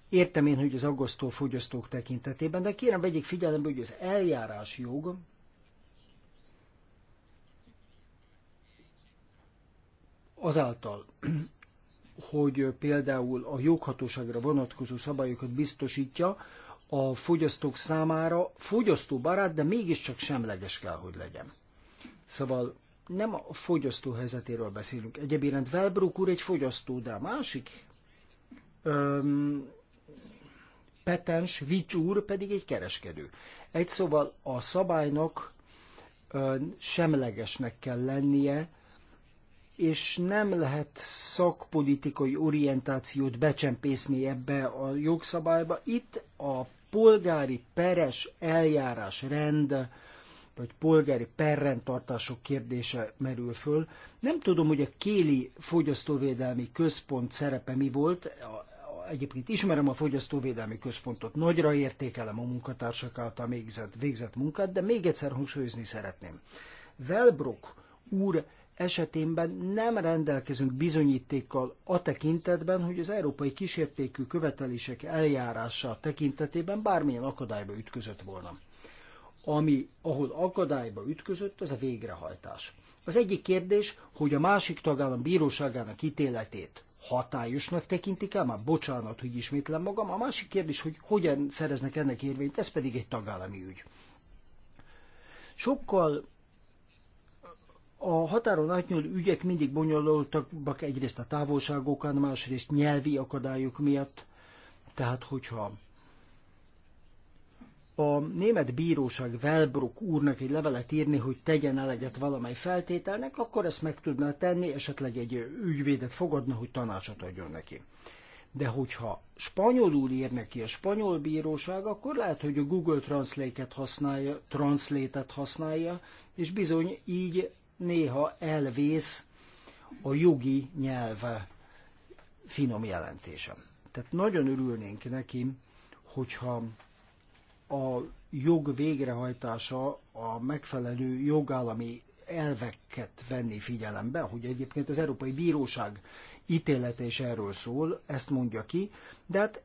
Értem én, hogy az aggasztó fogyasztók tekintetében, de kérem vegyék figyelembe, hogy az eljárás jog azáltal, [CLEARS THROAT] hogy például a joghatóságra vonatkozó szabályokat biztosítja, a fogyasztók számára fogyasztóbarát, de mégiscsak semleges kell, hogy legyen. Szóval nem a fogyasztó helyzetéről beszélünk. Egyébként Velbrook úr egy fogyasztó, de a másik öm, petens, Vics úr pedig egy kereskedő. Egy szóval a szabálynak öm, semlegesnek kell lennie, és nem lehet szakpolitikai orientációt becsempészni ebbe a jogszabályba. Itt a polgári peres eljárás rend, vagy polgári perrendtartások kérdése merül föl. Nem tudom, hogy a Kéli Fogyasztóvédelmi Központ szerepe mi volt. Egyébként ismerem a Fogyasztóvédelmi Központot, nagyra értékelem a munkatársak által végzett, végzett munkát, de még egyszer hangsúlyozni szeretném. Velbrok úr esetében nem rendelkezünk bizonyítékkal a tekintetben, hogy az európai kísértékű követelések eljárása tekintetében bármilyen akadályba ütközött volna. Ami, ahol akadályba ütközött, az a végrehajtás. Az egyik kérdés, hogy a másik tagállam bíróságának ítéletét hatályosnak tekintik el, már bocsánat, hogy ismétlem magam, a másik kérdés, hogy hogyan szereznek ennek érvényt, ez pedig egy tagállami ügy. Sokkal a határon átnyúló ügyek mindig bonyolultak, egyrészt a távolságokán, másrészt nyelvi akadályok miatt. Tehát, hogyha a német bíróság Velbruck úrnak egy levelet írni, hogy tegyen eleget valamely feltételnek, akkor ezt meg tudná tenni, esetleg egy ügyvédet fogadna, hogy tanácsot adjon neki. De hogyha spanyolul ír neki a spanyol bíróság, akkor lehet, hogy a Google Translate-et használja, Translate-et használja, és bizony így néha elvész a jogi nyelv finom jelentése, Tehát nagyon örülnénk neki, hogyha a jog végrehajtása a megfelelő jogállami elveket venni figyelembe, hogy egyébként az Európai Bíróság ítélete is erről szól, ezt mondja ki, de hát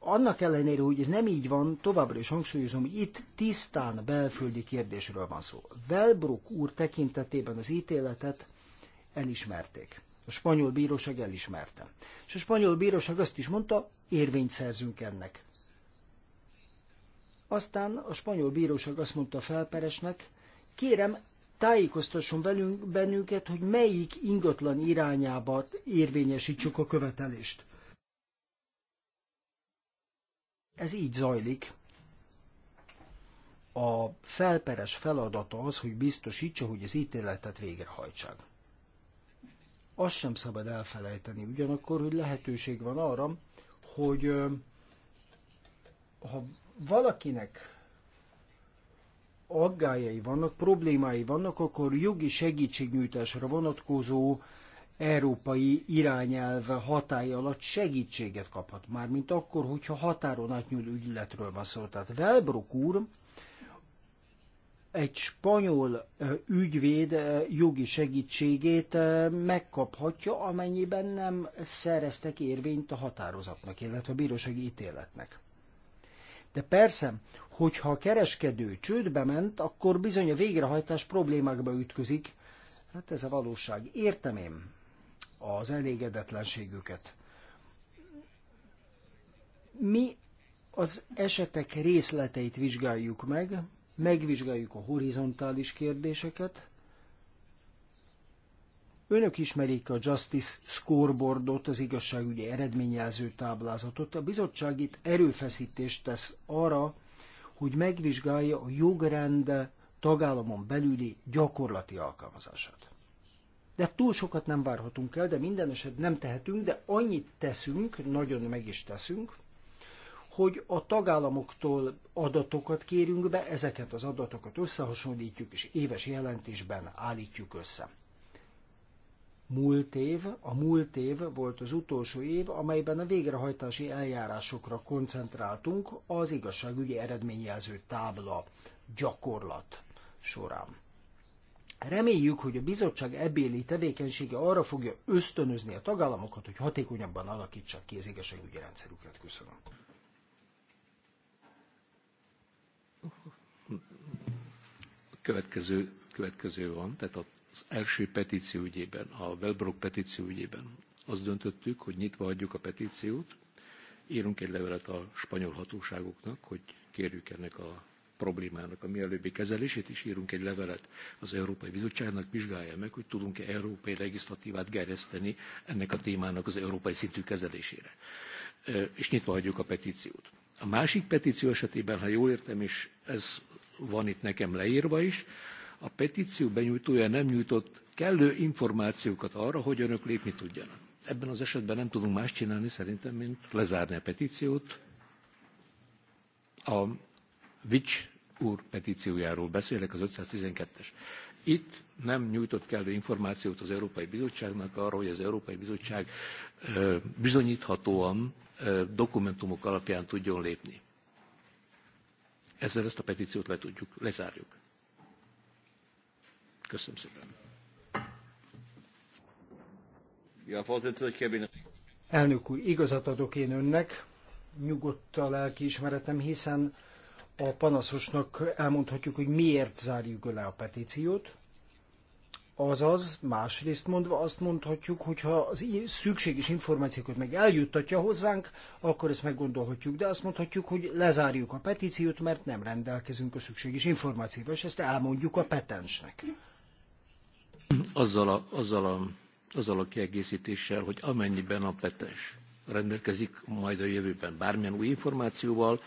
annak ellenére, hogy ez nem így van, továbbra is hangsúlyozom, hogy itt tisztán belföldi kérdésről van szó. Velbrook úr tekintetében az ítéletet elismerték. A spanyol bíróság elismerte. És a spanyol bíróság azt is mondta, érvényt szerzünk ennek. Aztán a spanyol bíróság azt mondta felperesnek, kérem, tájékoztasson velünk bennünket, hogy melyik ingatlan irányába érvényesítsük a követelést. Ez így zajlik. A felperes feladata az, hogy biztosítsa, hogy az ítéletet végrehajtsák. Azt sem szabad elfelejteni ugyanakkor, hogy lehetőség van arra, hogy ha valakinek aggájai vannak, problémái vannak, akkor jogi segítségnyújtásra vonatkozó európai irányelv hatája alatt segítséget kaphat, mármint akkor, hogyha határon átnyúl ügyletről van szó. Tehát Velbrok úr egy spanyol ügyvéd jogi segítségét megkaphatja, amennyiben nem szereztek érvényt a határozatnak, illetve a bírósági ítéletnek. De persze, hogyha a kereskedő csődbe ment, akkor bizony a végrehajtás problémákba ütközik. Hát ez a valóság. Értem én, az elégedetlenségüket. Mi az esetek részleteit vizsgáljuk meg, megvizsgáljuk a horizontális kérdéseket. Önök ismerik a Justice Scoreboardot, az igazságügyi eredményjelző táblázatot. A bizottság itt erőfeszítést tesz arra, hogy megvizsgálja a jogrend tagállamon belüli gyakorlati alkalmazását de túl sokat nem várhatunk el, de minden esetben nem tehetünk, de annyit teszünk, nagyon meg is teszünk, hogy a tagállamoktól adatokat kérünk be, ezeket az adatokat összehasonlítjuk, és éves jelentésben állítjuk össze. Múlt év, a múlt év volt az utolsó év, amelyben a végrehajtási eljárásokra koncentráltunk az igazságügyi eredményjelző tábla gyakorlat során. Reméljük, hogy a bizottság ebéli tevékenysége arra fogja ösztönözni a tagállamokat, hogy hatékonyabban alakítsák ki az igazságügyi rendszerüket. Köszönöm. Következő, következő van, tehát az első petíció ügyében, a Wellbrook petíció ügyében azt döntöttük, hogy nyitva adjuk a petíciót, írunk egy levelet a spanyol hatóságoknak, hogy kérjük ennek a problémának a mielőbbi kezelését, és írunk egy levelet az Európai Bizottságnak, vizsgálja meg, hogy tudunk-e európai legislatívát gerjeszteni ennek a témának az európai szintű kezelésére. És nyitva hagyjuk a petíciót. A másik petíció esetében, ha jól értem, és ez van itt nekem leírva is, a petíció benyújtója nem nyújtott kellő információkat arra, hogy önök lépni tudjanak. Ebben az esetben nem tudunk más csinálni szerintem, mint lezárni a petíciót, a Vics úr petíciójáról beszélek, az 512-es. Itt nem nyújtott kellő információt az Európai Bizottságnak arról, hogy az Európai Bizottság bizonyíthatóan dokumentumok alapján tudjon lépni. Ezzel ezt a petíciót le tudjuk, lezárjuk. Köszönöm szépen. Elnök úr, igazat adok én önnek, nyugodt a lelkiismeretem, hiszen a panaszosnak elmondhatjuk, hogy miért zárjuk le a petíciót, Azaz, másrészt mondva azt mondhatjuk, hogy ha az szükséges információkat meg eljuttatja hozzánk, akkor ezt meggondolhatjuk, de azt mondhatjuk, hogy lezárjuk a petíciót, mert nem rendelkezünk a szükséges információval, és ezt elmondjuk a petensnek. Azzal a, azzal a, azzal a kiegészítéssel, hogy amennyiben a petens rendelkezik majd a jövőben bármilyen új információval,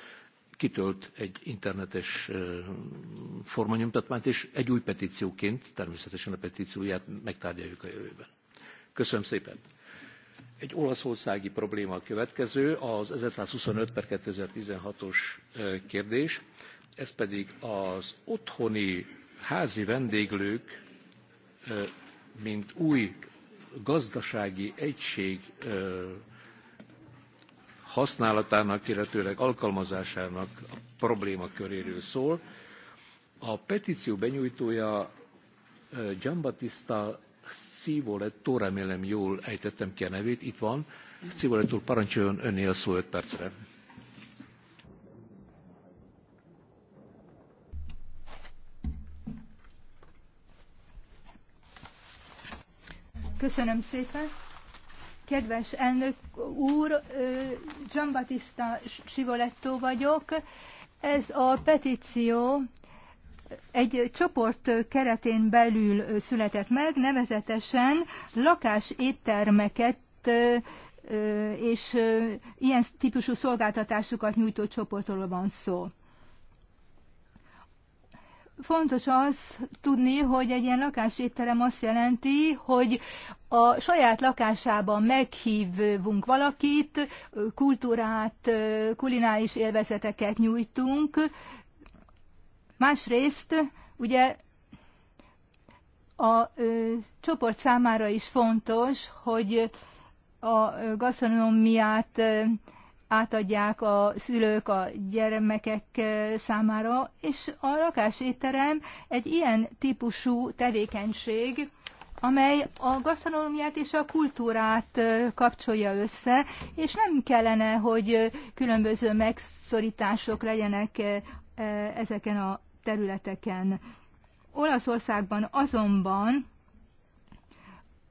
kitölt egy internetes formanyomtatmányt, és egy új petícióként, természetesen a petícióját megtárgyaljuk a jövőben. Köszönöm szépen! Egy olaszországi probléma a következő, az 1125 per 2016-os kérdés, ez pedig az otthoni házi vendéglők, mint új gazdasági egység használatának, illetőleg alkalmazásának a problémaköréről szól. A petíció benyújtója Giambattista Szívole, remélem jól ejtettem ki a nevét, itt van. Szívole úr, parancsoljon önnél szó 5 percre. Köszönöm szépen. Kedves elnök úr, Giambattista Sivoletto vagyok. Ez a petíció egy csoport keretén belül született meg, nevezetesen lakásétermeket és ilyen típusú szolgáltatásokat nyújtó csoportról van szó. Fontos az tudni, hogy egy ilyen lakásétterem azt jelenti, hogy a saját lakásában meghívunk valakit, kultúrát, kulináris élvezeteket nyújtunk. Másrészt ugye a ö, csoport számára is fontos, hogy a gasztronómiát átadják a szülők a gyermekek számára, és a lakásétterem egy ilyen típusú tevékenység, amely a gasztronómiát és a kultúrát kapcsolja össze, és nem kellene, hogy különböző megszorítások legyenek ezeken a területeken. Olaszországban azonban,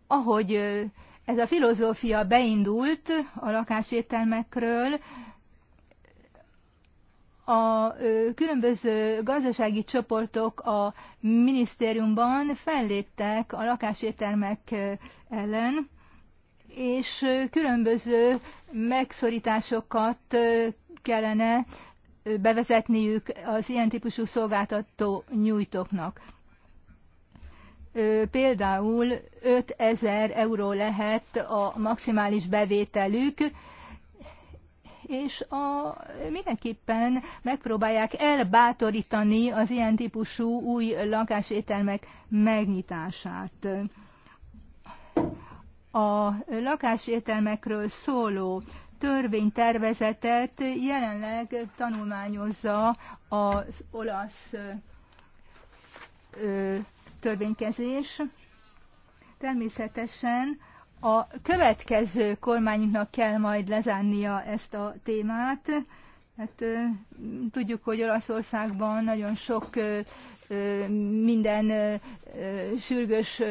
ahogy ez a filozófia beindult a lakásételmekről, a különböző gazdasági csoportok a minisztériumban felléptek a lakásételmek ellen, és különböző megszorításokat kellene bevezetniük az ilyen típusú szolgáltató nyújtóknak például 5000 euró lehet a maximális bevételük, és a, mindenképpen megpróbálják elbátorítani az ilyen típusú új lakásételmek megnyitását. A lakásételmekről szóló törvénytervezetet jelenleg tanulmányozza az olasz ö, törvénykezés. Természetesen a következő kormányunknak kell majd lezárnia ezt a témát. Hát, tudjuk, hogy Olaszországban nagyon sok minden sürgős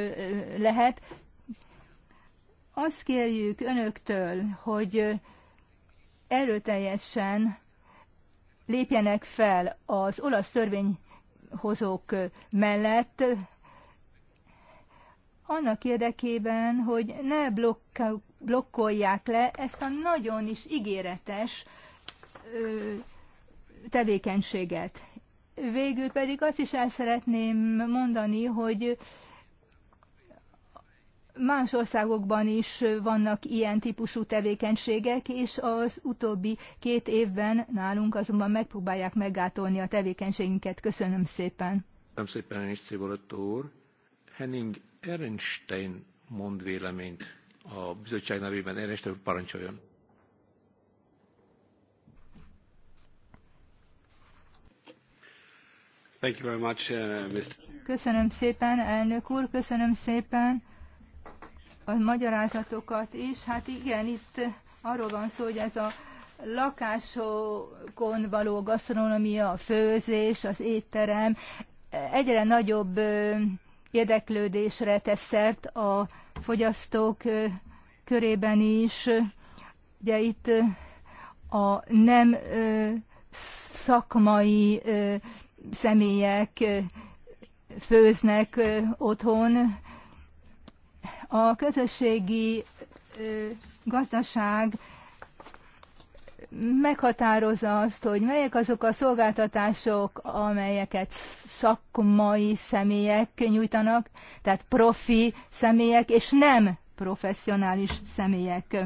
lehet. Azt kérjük önöktől, hogy erőteljesen lépjenek fel az olasz törvényhozók mellett, annak érdekében, hogy ne blokkolják le ezt a nagyon is ígéretes ö, tevékenységet. Végül pedig azt is el szeretném mondani, hogy más országokban is vannak ilyen típusú tevékenységek, és az utóbbi két évben nálunk azonban megpróbálják meggátolni a tevékenységünket. Köszönöm szépen. Köszönöm szépen, Henning Ehrenstein mond véleményt a bizottság nevében. Ehrenstein úr, parancsoljon! Thank you very much, uh, Mr. Köszönöm szépen, elnök úr, köszönöm szépen a magyarázatokat is. Hát igen, itt arról van szó, hogy ez a lakásokon való gasztronómia, a főzés, az étterem egyre nagyobb érdeklődésre tesz szert a fogyasztók körében is. Ugye itt a nem szakmai személyek főznek otthon. A közösségi gazdaság meghatározza azt, hogy melyek azok a szolgáltatások, amelyeket szakmai személyek nyújtanak, tehát profi személyek, és nem professzionális személyek.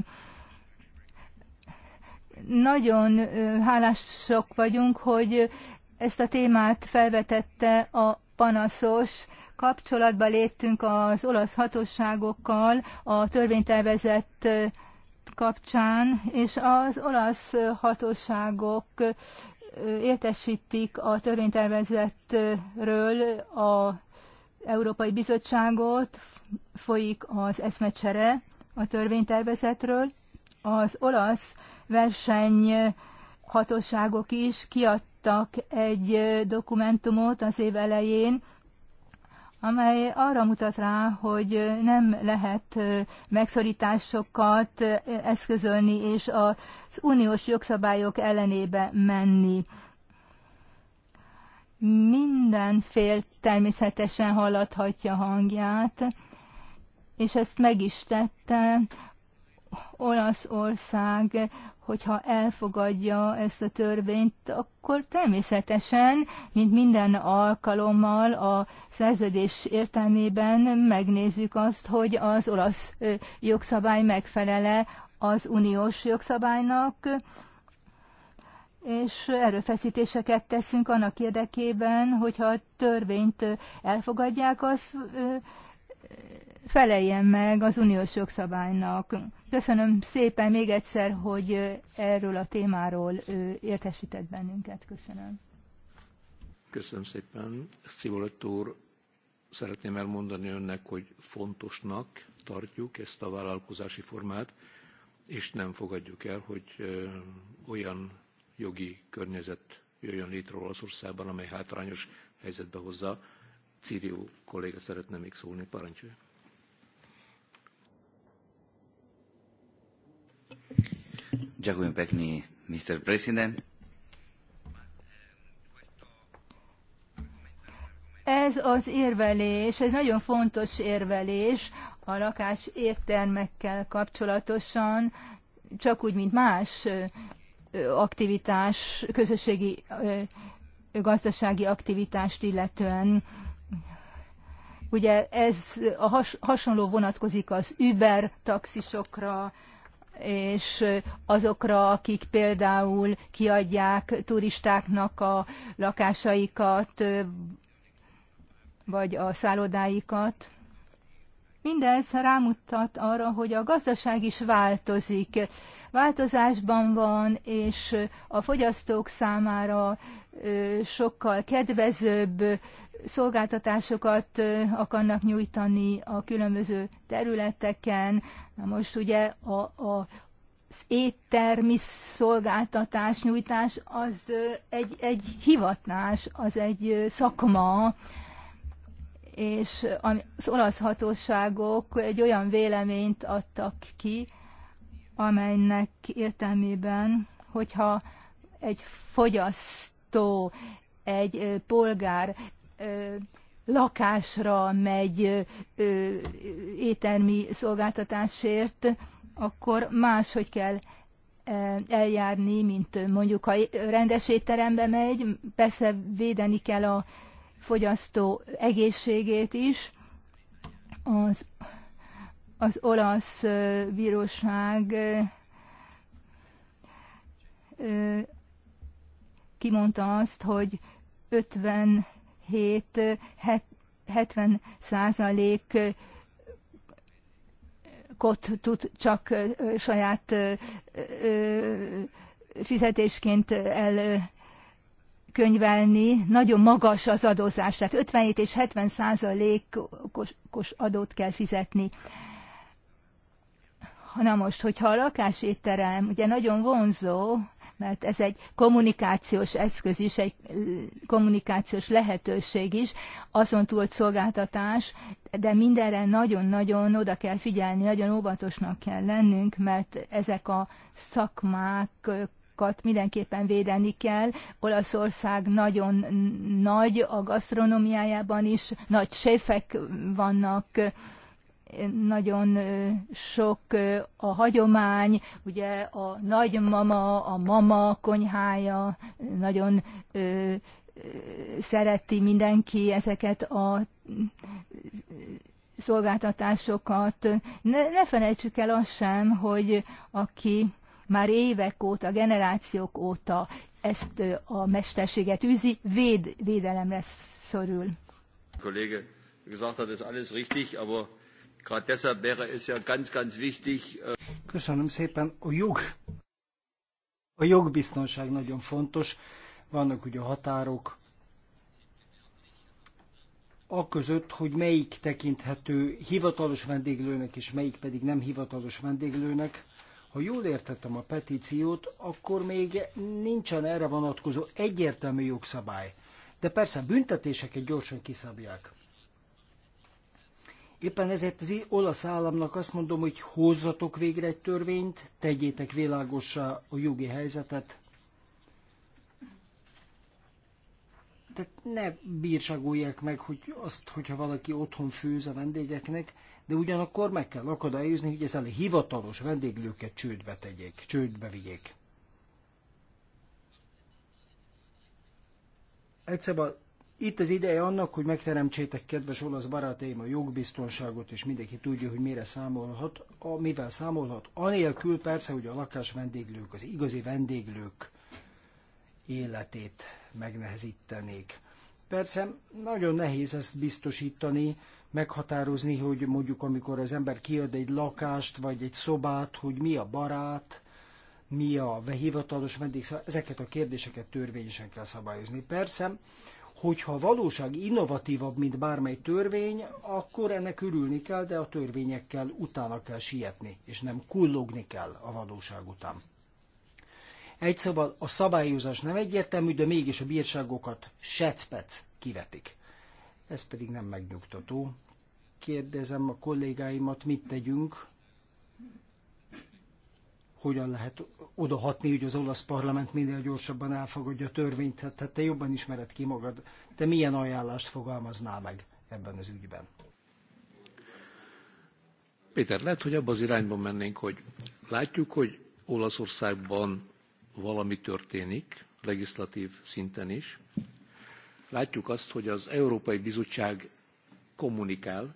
Nagyon hálások vagyunk, hogy ezt a témát felvetette a panaszos, kapcsolatba léptünk az olasz hatóságokkal a törvénytervezett kapcsán, és az olasz hatóságok értesítik a törvénytervezetről a Európai Bizottságot, folyik az eszmecsere a törvénytervezetről. Az olasz versenyhatóságok is kiadtak egy dokumentumot az év elején, amely arra mutat rá, hogy nem lehet megszorításokat eszközölni és az uniós jogszabályok ellenébe menni. Minden fél természetesen hallathatja hangját, és ezt meg is tette Olaszország hogyha elfogadja ezt a törvényt, akkor természetesen, mint minden alkalommal a szerződés értelmében megnézzük azt, hogy az olasz jogszabály megfelele az uniós jogszabálynak, és erőfeszítéseket teszünk annak érdekében, hogyha a törvényt elfogadják, az feleljen meg az uniós jogszabálynak. Köszönöm szépen még egyszer, hogy erről a témáról értesített bennünket. Köszönöm. Köszönöm szépen. Szivolet úr, szeretném elmondani önnek, hogy fontosnak tartjuk ezt a vállalkozási formát, és nem fogadjuk el, hogy olyan jogi környezet jöjjön létre Olaszországban, amely hátrányos helyzetbe hozza. Círió kolléga szeretne még szólni, parancsolja. Ďakujem pekne, Mr. President. Ez az érvelés, ez nagyon fontos érvelés a lakás éttermekkel kapcsolatosan, csak úgy, mint más aktivitás, közösségi gazdasági aktivitást illetően. Ugye ez a has, hasonló vonatkozik az Uber taxisokra, és azokra, akik például kiadják turistáknak a lakásaikat, vagy a szállodáikat. Mindez rámutat arra, hogy a gazdaság is változik. Változásban van, és a fogyasztók számára sokkal kedvezőbb szolgáltatásokat akarnak nyújtani a különböző területeken. Na most ugye a, a, az éttermi szolgáltatás nyújtás az egy, egy hivatás, az egy szakma, és az olasz hatóságok egy olyan véleményt adtak ki, amelynek értelmében, hogyha egy fogyaszt autó egy polgár lakásra megy ételmi szolgáltatásért, akkor máshogy kell eljárni, mint mondjuk ha rendes étterembe megy, persze védeni kell a fogyasztó egészségét is. Az, az olasz bíróság kimondta azt, hogy 57 70 százalék kot tud csak saját fizetésként el könyvelni, nagyon magas az adózás, tehát 57 és 70 százalékos adót kell fizetni. Na most, hogyha a lakásétterem ugye nagyon vonzó, mert ez egy kommunikációs eszköz is, egy kommunikációs lehetőség is, azon túl szolgáltatás, de mindenre nagyon-nagyon oda kell figyelni, nagyon óvatosnak kell lennünk, mert ezek a szakmák mindenképpen védeni kell. Olaszország nagyon nagy a gasztronómiájában is, nagy séfek vannak, nagyon sok a hagyomány, ugye a nagymama, a mama konyhája, nagyon szereti mindenki ezeket a szolgáltatásokat. Ne, ne felejtsük el azt sem, hogy aki már évek óta, generációk óta ezt a mesterséget űzi, véd, védelemre szorul. Kollege, gesagt hat, ez alles richtig, aber Äh, Köszönöm szépen. A jog, a jogbiztonság nagyon fontos. Vannak ugye határok, aközött, hogy melyik tekinthető hivatalos vendéglőnek, és melyik pedig nem hivatalos vendéglőnek. Ha jól értettem a petíciót, akkor még nincsen erre vonatkozó egyértelmű jogszabály. De persze büntetéseket gyorsan kiszabják. Éppen ezért az olasz államnak azt mondom, hogy hozzatok végre egy törvényt, tegyétek világosra a jogi helyzetet. Tehát ne bírságolják meg hogy azt, hogyha valaki otthon főz a vendégeknek, de ugyanakkor meg kell akadályozni, hogy ezzel a hivatalos vendéglőket csődbe tegyék, csődbe vigyék. Egyszerűen itt az ideje annak, hogy megteremtsétek, kedves olasz barátaim, a jogbiztonságot, és mindenki tudja, hogy mire számolhat, a, mivel számolhat, anélkül persze, hogy a lakás vendéglők, az igazi vendéglők életét megnehezítenék. Persze nagyon nehéz ezt biztosítani, meghatározni, hogy mondjuk amikor az ember kiad egy lakást, vagy egy szobát, hogy mi a barát, mi a hivatalos vendég, szóval ezeket a kérdéseket törvényesen kell szabályozni. Persze hogyha a valóság innovatívabb, mint bármely törvény, akkor ennek örülni kell, de a törvényekkel utána kell sietni, és nem kullogni kell a valóság után. Egy szóval a szabályozás nem egyértelmű, de mégis a bírságokat secpec kivetik. Ez pedig nem megnyugtató. Kérdezem a kollégáimat, mit tegyünk, hogyan lehet odahatni, hogy az olasz parlament minél gyorsabban elfogadja a törvényt. tehát hát te jobban ismered ki magad. Te milyen ajánlást fogalmaznál meg ebben az ügyben? Péter, lehet, hogy abba az irányban mennénk, hogy látjuk, hogy Olaszországban valami történik, legislatív szinten is. Látjuk azt, hogy az Európai Bizottság kommunikál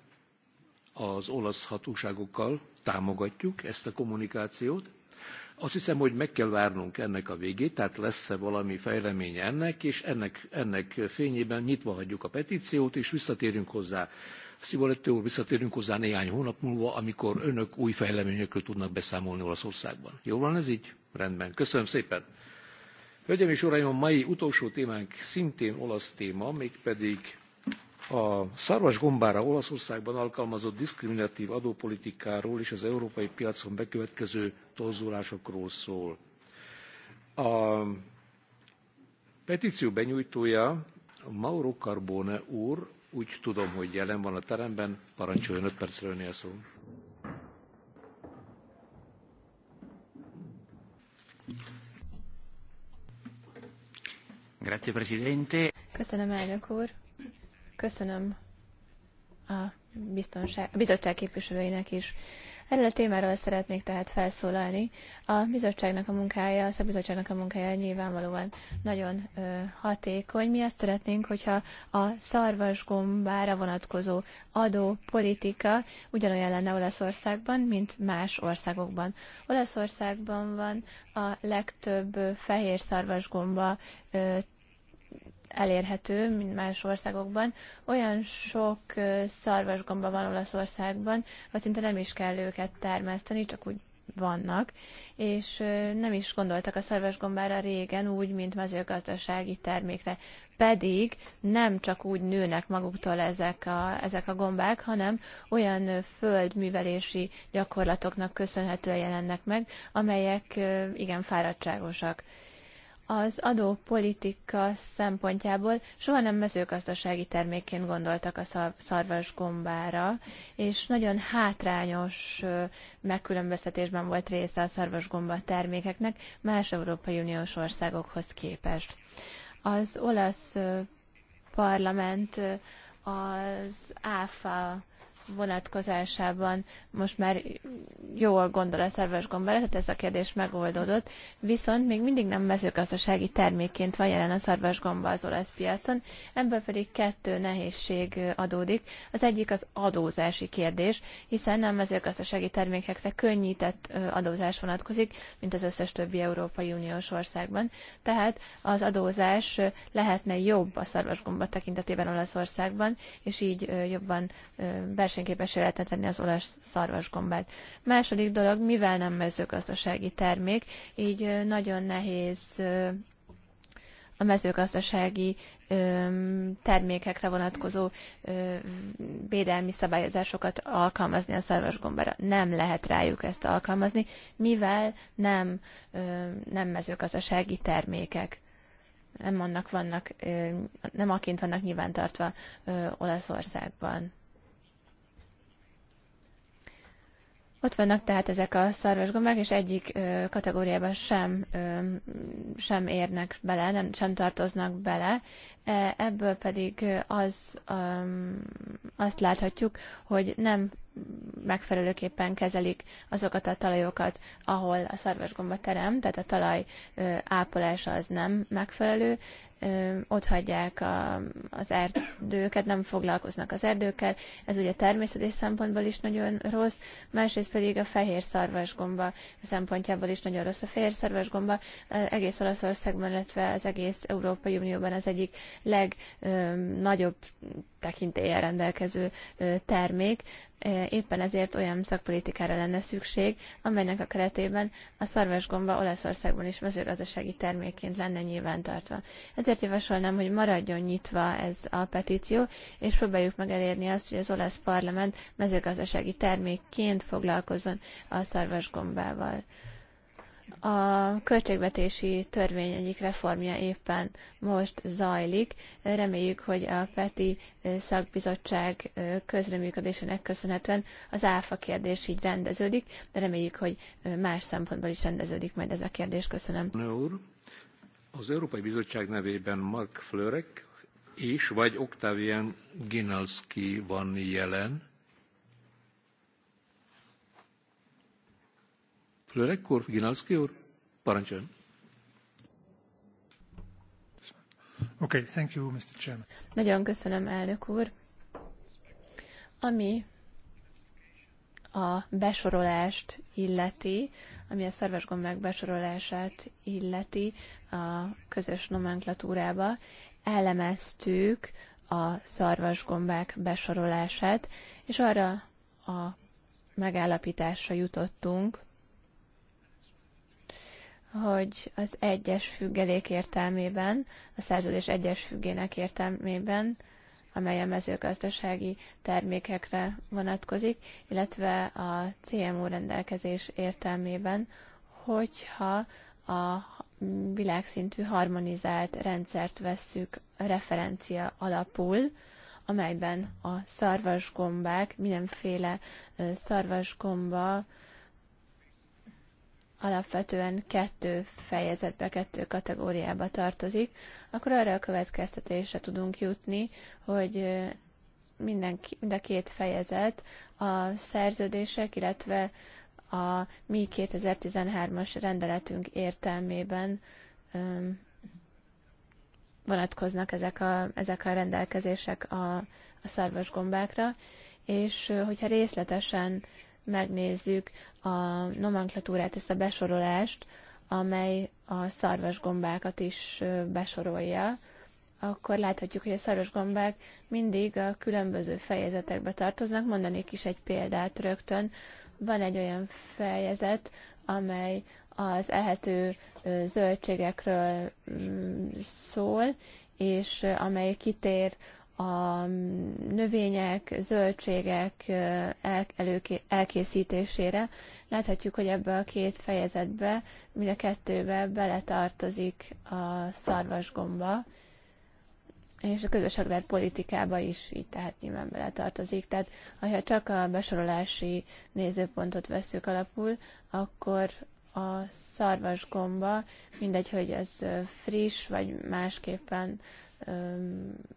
az olasz hatóságokkal, támogatjuk ezt a kommunikációt, azt hiszem, hogy meg kell várnunk ennek a végét, tehát lesz-e valami fejlemény ennek, és ennek, ennek fényében nyitva hagyjuk a petíciót, és visszatérünk hozzá. Szivolettő úr, visszatérünk hozzá néhány hónap múlva, amikor önök új fejleményekről tudnak beszámolni Olaszországban. Jól van ez így? Rendben. Köszönöm szépen. Hölgyeim és uraim, a mai utolsó témánk szintén olasz téma, mégpedig a szarvasgombára Olaszországban alkalmazott diszkriminatív adópolitikáról és az európai piacon bekövetkező torzulásokról szól. A petíció benyújtója Mauro Carbone úr, úgy tudom, hogy jelen van a teremben, parancsoljon 5 percre önél szó. Grazie, Presidente. Köszönöm, elnök úr. Köszönöm a, biztonság, a bizottság képviselőinek is. Erről a témáról szeretnék tehát felszólalni. A bizottságnak a munkája, a szakbizottságnak a munkája nyilvánvalóan nagyon ö, hatékony. Mi azt szeretnénk, hogyha a szarvasgombára vonatkozó adópolitika ugyanolyan lenne Olaszországban, mint más országokban. Olaszországban van a legtöbb fehér szarvasgomba ö, elérhető, mint más országokban. Olyan sok szarvasgomba van Olaszországban, hogy szinte nem is kell őket termeszteni, csak úgy vannak, és nem is gondoltak a szarvasgombára régen úgy, mint mezőgazdasági termékre. Pedig nem csak úgy nőnek maguktól ezek a, ezek a gombák, hanem olyan földművelési gyakorlatoknak köszönhetően jelennek meg, amelyek igen fáradtságosak az adópolitika szempontjából soha nem mezőgazdasági termékként gondoltak a gombára, és nagyon hátrányos megkülönböztetésben volt része a gomba termékeknek más Európai Uniós országokhoz képest. Az olasz parlament az áfa vonatkozásában most már jól gondol a szerves gombára, tehát ez a kérdés megoldódott, viszont még mindig nem mezőgazdasági termékként van jelen a szarvas gomba az olasz piacon, ebből pedig kettő nehézség adódik. Az egyik az adózási kérdés, hiszen a mezőgazdasági termékekre könnyített adózás vonatkozik, mint az összes többi Európai Uniós országban, tehát az adózás lehetne jobb a szarvasgomba tekintetében Olaszországban, és így jobban versenyezhetne versenyképesé lehetne tenni az olasz szarvasgombát. Második dolog, mivel nem mezőgazdasági termék, így nagyon nehéz a mezőgazdasági termékekre vonatkozó védelmi szabályozásokat alkalmazni a szarvasgombára. Nem lehet rájuk ezt alkalmazni, mivel nem, nem mezőgazdasági termékek. Nem annak vannak, nem aként vannak nyilvántartva Olaszországban. Ott vannak tehát ezek a gombák, és egyik ö, kategóriába sem, ö, sem érnek bele, nem, sem tartoznak bele. E, ebből pedig az, ö, azt láthatjuk, hogy nem megfelelőképpen kezelik azokat a talajokat, ahol a szarvasgomba terem, tehát a talaj ápolása az nem megfelelő, ott hagyják a, az erdőket, nem foglalkoznak az erdőkkel. Ez ugye természetes szempontból is nagyon rossz, másrészt pedig a fehér szarvasgomba szempontjából is nagyon rossz. A fehér szarvasgomba egész Olaszországban, illetve az egész Európai Unióban az egyik legnagyobb tekintélyen rendelkező termék, éppen ezért olyan szakpolitikára lenne szükség, amelynek a keretében a szarvasgomba Olaszországban is mezőgazdasági termékként lenne nyilvántartva. Ezért javasolnám, hogy maradjon nyitva ez a petíció, és próbáljuk meg elérni azt, hogy az olasz parlament mezőgazdasági termékként foglalkozzon a szarvasgombával. A költségvetési törvény egyik reformja éppen most zajlik. Reméljük, hogy a PETI eh, szakbizottság eh, közreműködésének köszönhetően az ÁFA kérdés így rendeződik, de reméljük, hogy eh, más szempontból is rendeződik majd ez a kérdés. Köszönöm. Úr, az Európai Bizottság nevében Mark Flörek és vagy Octavian Ginalski van jelen. Lőrek úr, Viginalszki úr, parancsoljon. Okay, thank you, Mr. Chairman. Nagyon köszönöm, elnök úr. Ami a besorolást illeti, ami a szarvasgombák besorolását illeti a közös nomenklatúrába, elemeztük a szarvasgombák besorolását, és arra a megállapításra jutottunk, hogy az egyes függelék értelmében, a szerződés egyes függének értelmében, amely a mezőgazdasági termékekre vonatkozik, illetve a CMO rendelkezés értelmében, hogyha a világszintű harmonizált rendszert vesszük referencia alapul, amelyben a szarvasgombák, mindenféle szarvasgomba, alapvetően kettő fejezetbe, kettő kategóriába tartozik, akkor arra a következtetésre tudunk jutni, hogy minden, mind a két fejezet a szerződések, illetve a mi 2013-as rendeletünk értelmében vonatkoznak ezek a, ezek a rendelkezések a, a szarvasgombákra, és hogyha részletesen megnézzük a nomenklatúrát, ezt a besorolást, amely a szarvasgombákat is besorolja, akkor láthatjuk, hogy a szarvasgombák mindig a különböző fejezetekbe tartoznak. Mondanék is egy példát rögtön. Van egy olyan fejezet, amely az ehető zöldségekről mm, szól, és amely kitér a növények, zöldségek elkészítésére. Láthatjuk, hogy ebbe a két fejezetbe, mind a kettőbe beletartozik a szarvasgomba, és a közös agrárpolitikába is így tehát nyilván beletartozik. Tehát ha csak a besorolási nézőpontot veszük alapul, akkor a szarvasgomba, mindegy, hogy ez friss, vagy másképpen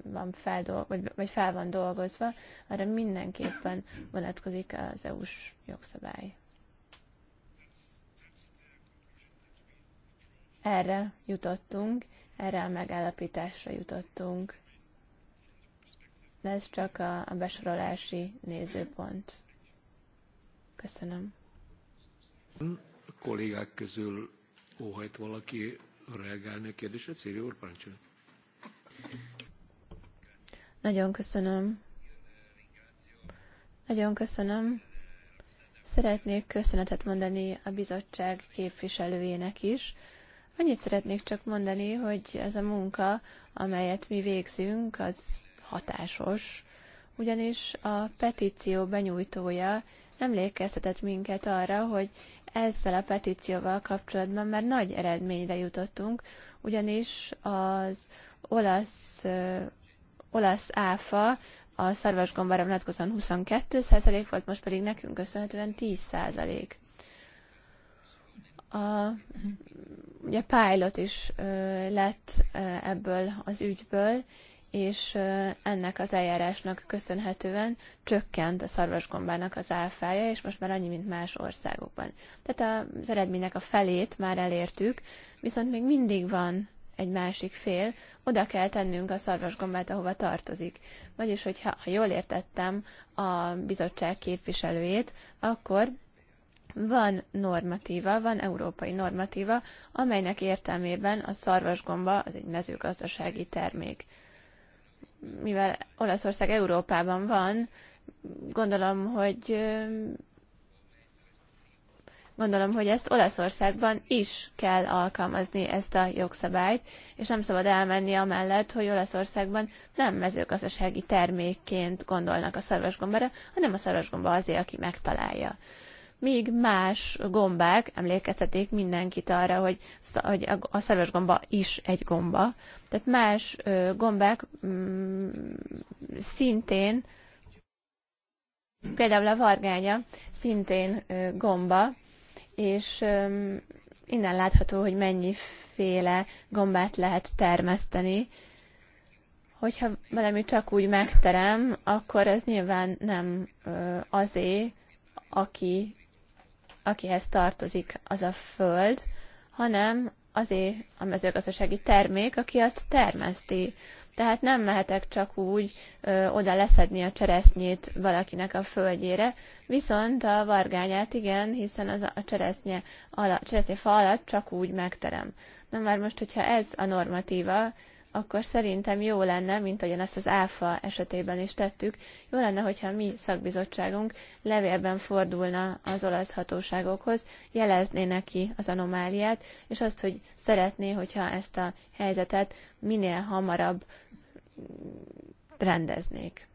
van feldol- vagy, vagy fel van dolgozva, arra mindenképpen vonatkozik az EU-s jogszabály. Erre jutottunk, erre a megállapításra jutottunk. De ez csak a, a besorolási nézőpont. Köszönöm. A kollégák közül óhajt valaki reagálni a kérdésre? Céri úr, parancsoljon. Nagyon köszönöm. Nagyon köszönöm. Szeretnék köszönetet mondani a bizottság képviselőjének is. Annyit szeretnék csak mondani, hogy ez a munka, amelyet mi végzünk, az hatásos, ugyanis a petíció benyújtója emlékeztetett minket arra, hogy ezzel a petícióval kapcsolatban már nagy eredményre jutottunk, ugyanis az olasz, olasz áfa a szarvasgombára vonatkozóan 22% volt, most pedig nekünk köszönhetően 10%. A, ugye pilot is ö, lett ö, ebből az ügyből, és ö, ennek az eljárásnak köszönhetően csökkent a szarvasgombának az áfája, és most már annyi, mint más országokban. Tehát az eredménynek a felét már elértük, viszont még mindig van egy másik fél, oda kell tennünk a szarvasgombát, ahova tartozik. Vagyis, hogyha ha jól értettem a bizottság képviselőjét, akkor van normatíva, van európai normatíva, amelynek értelmében a szarvasgomba az egy mezőgazdasági termék. Mivel Olaszország Európában van, gondolom, hogy Gondolom, hogy ezt Olaszországban is kell alkalmazni, ezt a jogszabályt, és nem szabad elmenni amellett, hogy Olaszországban nem mezőgazdasági termékként gondolnak a szarvasgombára, hanem a szarvasgomba azért, aki megtalálja míg más gombák emlékeztetik mindenkit arra, hogy, a szarvas gomba is egy gomba. Tehát más gombák mm, szintén, például a vargánya szintén gomba, és innen látható, hogy mennyiféle gombát lehet termeszteni. Hogyha valami csak úgy megterem, akkor ez nyilván nem azé, aki, akihez tartozik az a föld, hanem azé a mezőgazdasági termék, aki azt termeszti. Tehát nem mehetek csak úgy ö, oda leszedni a cseresznyét valakinek a földjére, viszont a vargányát igen, hiszen az a cseresznye, ala, cseresznye fa alatt csak úgy megterem. Na már most, hogyha ez a normatíva, akkor szerintem jó lenne, mint ahogyan ezt az ÁFA esetében is tettük, jó lenne, hogyha mi szakbizottságunk levélben fordulna az olasz hatóságokhoz, jelezné neki az anomáliát, és azt, hogy szeretné, hogyha ezt a helyzetet minél hamarabb rendeznék.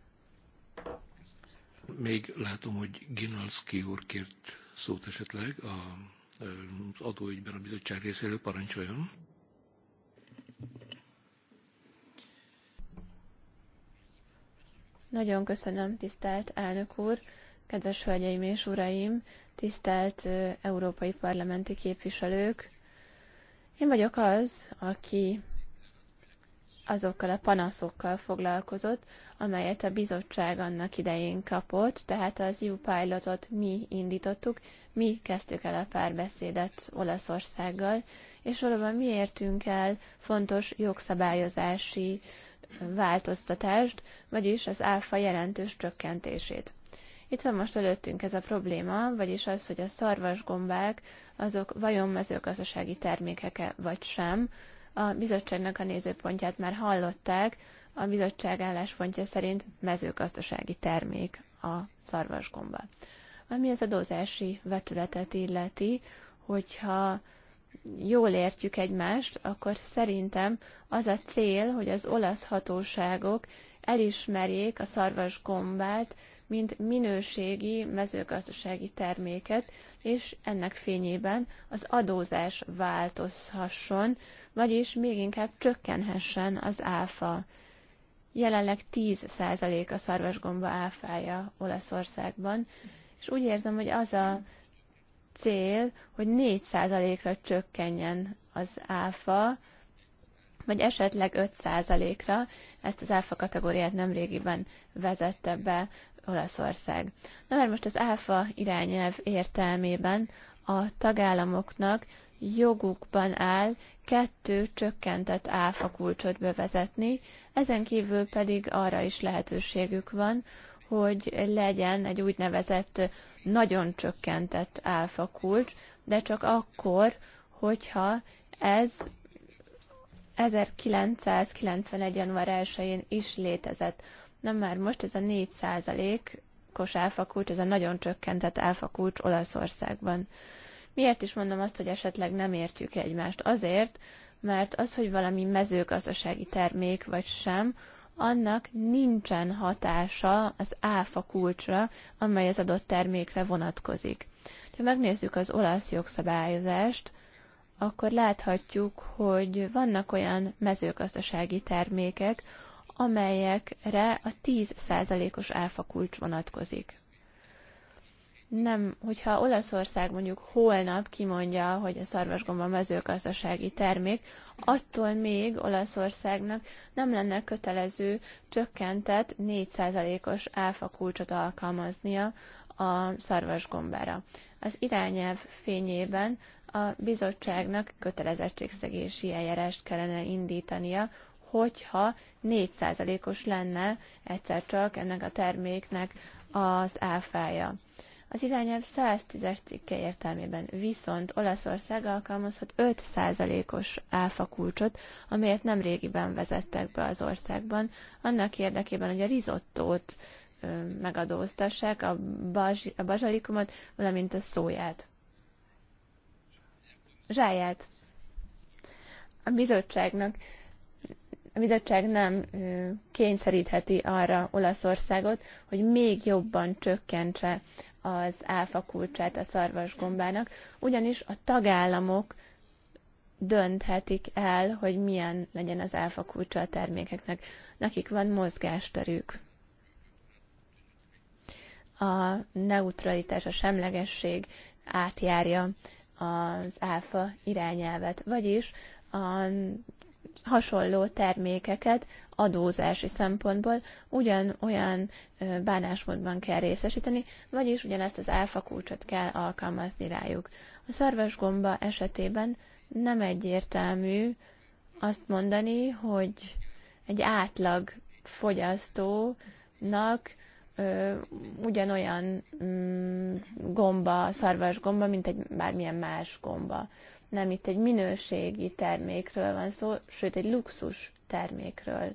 Még látom, hogy Ginalski úr kért szót esetleg a, az adóügyben a bizottság részéről parancsoljon. Nagyon köszönöm, tisztelt elnök úr, kedves hölgyeim és uraim, tisztelt európai parlamenti képviselők. Én vagyok az, aki azokkal a panaszokkal foglalkozott, amelyet a bizottság annak idején kapott, tehát az EU pilotot mi indítottuk, mi kezdtük el a párbeszédet Olaszországgal, és valóban mi értünk el fontos jogszabályozási változtatást, vagyis az áfa jelentős csökkentését. Itt van most előttünk ez a probléma, vagyis az, hogy a szarvasgombák azok vajon mezőgazdasági termékeke vagy sem. A bizottságnak a nézőpontját már hallották, a bizottság álláspontja szerint mezőgazdasági termék a szarvasgomba. Ami ez a dozási vetületet illeti, hogyha jól értjük egymást, akkor szerintem az a cél, hogy az olasz hatóságok elismerjék a szarvasgombát, mint minőségi mezőgazdasági terméket, és ennek fényében az adózás változhasson, vagyis még inkább csökkenhessen az áfa. Jelenleg 10% a szarvasgomba áfája Olaszországban, és úgy érzem, hogy az a cél, hogy 4%-ra csökkenjen az áfa, vagy esetleg 5%-ra, ezt az áfa kategóriát nem régiben vezette be Olaszország. Na mert most az áfa irányelv értelmében a tagállamoknak jogukban áll kettő csökkentett áfa kulcsot bevezetni, ezen kívül pedig arra is lehetőségük van, hogy legyen egy úgynevezett nagyon csökkentett álfa kulcs, de csak akkor, hogyha ez 1991. január 1-én is létezett. Nem már most ez a 4 os álfakulcs, ez a nagyon csökkentett álfakulcs Olaszországban. Miért is mondom azt, hogy esetleg nem értjük egymást? Azért, mert az, hogy valami mezőgazdasági termék vagy sem, annak nincsen hatása az áfa kulcsra, amely az adott termékre vonatkozik. Ha megnézzük az olasz jogszabályozást, akkor láthatjuk, hogy vannak olyan mezőgazdasági termékek, amelyekre a 10%-os áfa kulcs vonatkozik nem, hogyha Olaszország mondjuk holnap kimondja, hogy a szarvasgomba mezőgazdasági termék, attól még Olaszországnak nem lenne kötelező csökkentett 4%-os áfa kulcsot alkalmaznia a szarvasgombára. Az irányelv fényében a bizottságnak kötelezettségszegési eljárást kellene indítania, hogyha 4%-os lenne egyszer csak ennek a terméknek az áfája. Az irányelv 110-es cikke értelmében viszont Olaszország alkalmazhat 5%-os áfakulcsot, amelyet nem régiben vezettek be az országban, annak érdekében, hogy a rizottót megadóztassák, a, baz, a bazsalikumot, valamint a szóját. Zsáját. A bizottságnak a bizottság nem kényszerítheti arra Olaszországot, hogy még jobban csökkentse az áfa kulcsát a szarvasgombának, ugyanis a tagállamok dönthetik el, hogy milyen legyen az áfa kulcsa a termékeknek. Nekik van mozgásterük. A neutralitás, a semlegesség átjárja az áfa irányelvet, vagyis a hasonló termékeket adózási szempontból ugyanolyan bánásmódban kell részesíteni, vagyis ugyanezt az áfa kulcsot kell alkalmazni rájuk. A szarvasgomba esetében nem egyértelmű azt mondani, hogy egy átlag fogyasztónak ö, ugyanolyan mm, gomba, szarvasgomba, mint egy bármilyen más gomba. Nem, itt egy minőségi termékről van szó, sőt egy luxus termékről.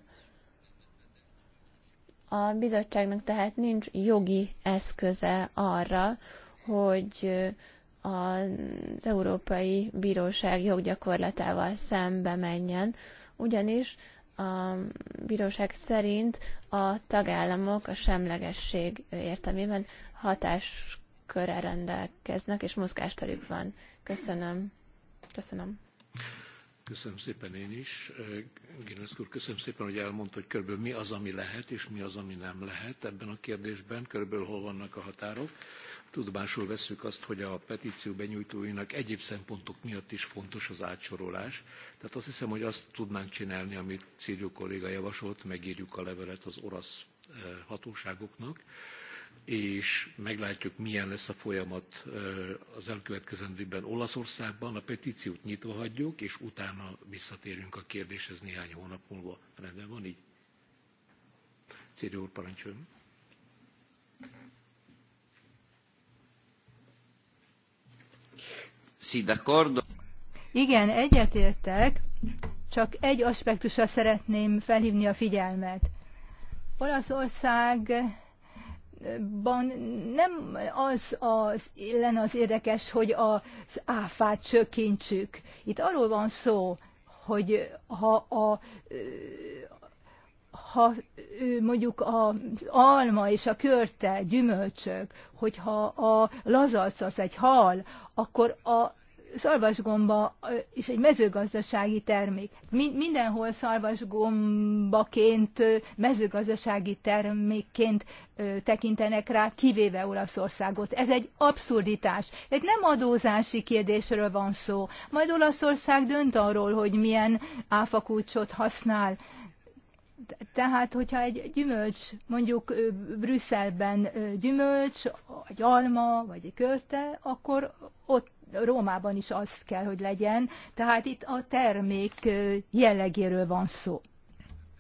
A bizottságnak tehát nincs jogi eszköze arra, hogy az Európai Bíróság joggyakorlatával szembe menjen, ugyanis a bíróság szerint a tagállamok a semlegesség értelmében hatáskörrel rendelkeznek, és mozgásterük van. Köszönöm. Köszönöm. Köszönöm szépen én is. Gilles úr, köszönöm szépen, hogy elmondta, hogy körülbelül mi az, ami lehet, és mi az, ami nem lehet ebben a kérdésben, körülbelül hol vannak a határok. Tudomásul veszük azt, hogy a petíció benyújtóinak egyéb szempontok miatt is fontos az átsorolás. Tehát azt hiszem, hogy azt tudnánk csinálni, amit Círjú kolléga javasolt, megírjuk a levelet az orosz hatóságoknak és meglátjuk, milyen lesz a folyamat az elkövetkezendőben Olaszországban. A petíciót nyitva hagyjuk, és utána visszatérünk a kérdéshez néhány hónap múlva. Rendben van így? Cédi úr, parancsoljon. d'accordo. Igen, egyetértek, csak egy aspektusra szeretném felhívni a figyelmet. Olaszország ban nem az, az lenne az érdekes, hogy az áfát csökkintsük. Itt arról van szó, hogy ha a ha mondjuk az alma és a körte, gyümölcsök, hogyha a lazac az egy hal, akkor a szarvasgomba is egy mezőgazdasági termék. Mindenhol szarvasgombaként, mezőgazdasági termékként tekintenek rá, kivéve Olaszországot. Ez egy abszurditás. Egy nem adózási kérdésről van szó. Majd Olaszország dönt arról, hogy milyen áfakulcsot használ. Tehát, hogyha egy gyümölcs, mondjuk Brüsszelben gyümölcs, vagy alma, vagy egy körte, akkor ott Rómában is az kell, hogy legyen. Tehát itt a termék jellegéről van szó.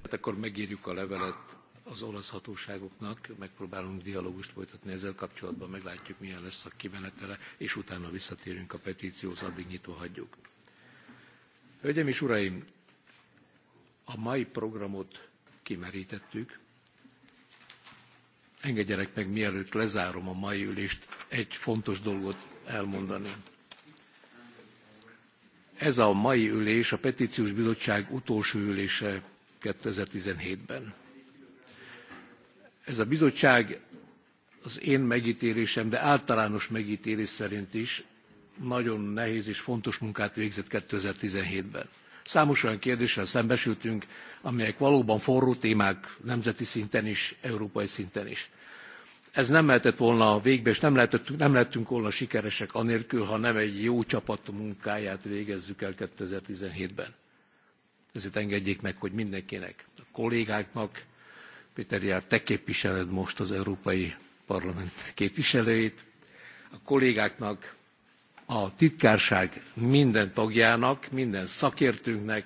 Hát akkor megírjuk a levelet az olasz hatóságoknak, megpróbálunk dialógust folytatni ezzel kapcsolatban, meglátjuk milyen lesz a kimenetele, és utána visszatérünk a petícióhoz, addig nyitva hagyjuk. Hölgyeim és uraim, a mai programot kimerítettük. Engedjenek meg, mielőtt lezárom a mai ülést, egy fontos dolgot elmondani. Ez a mai ülés a Petíciós Bizottság utolsó ülése 2017-ben. Ez a bizottság az én megítélésem, de általános megítélés szerint is nagyon nehéz és fontos munkát végzett 2017-ben. Számos olyan kérdéssel szembesültünk, amelyek valóban forró témák nemzeti szinten is, európai szinten is ez nem mehetett volna a végbe, és nem, lehetett, nem lettünk volna sikeresek anélkül, ha nem egy jó csapat munkáját végezzük el 2017-ben. Ezért engedjék meg, hogy mindenkinek, a kollégáknak, Péter Jár, te képviseled most az Európai Parlament képviselőit, a kollégáknak, a titkárság minden tagjának, minden szakértőnknek,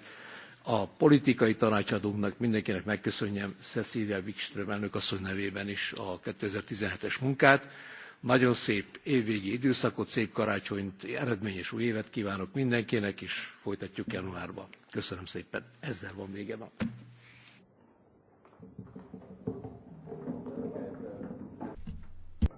a politikai tanácsadóknak mindenkinek megköszönjem Cecilia Wikström asszony nevében is a 2017-es munkát. Nagyon szép évvégi időszakot, szép karácsonyt, eredményes új évet kívánok mindenkinek, és folytatjuk januárban. Köszönöm szépen. Ezzel van vége ma.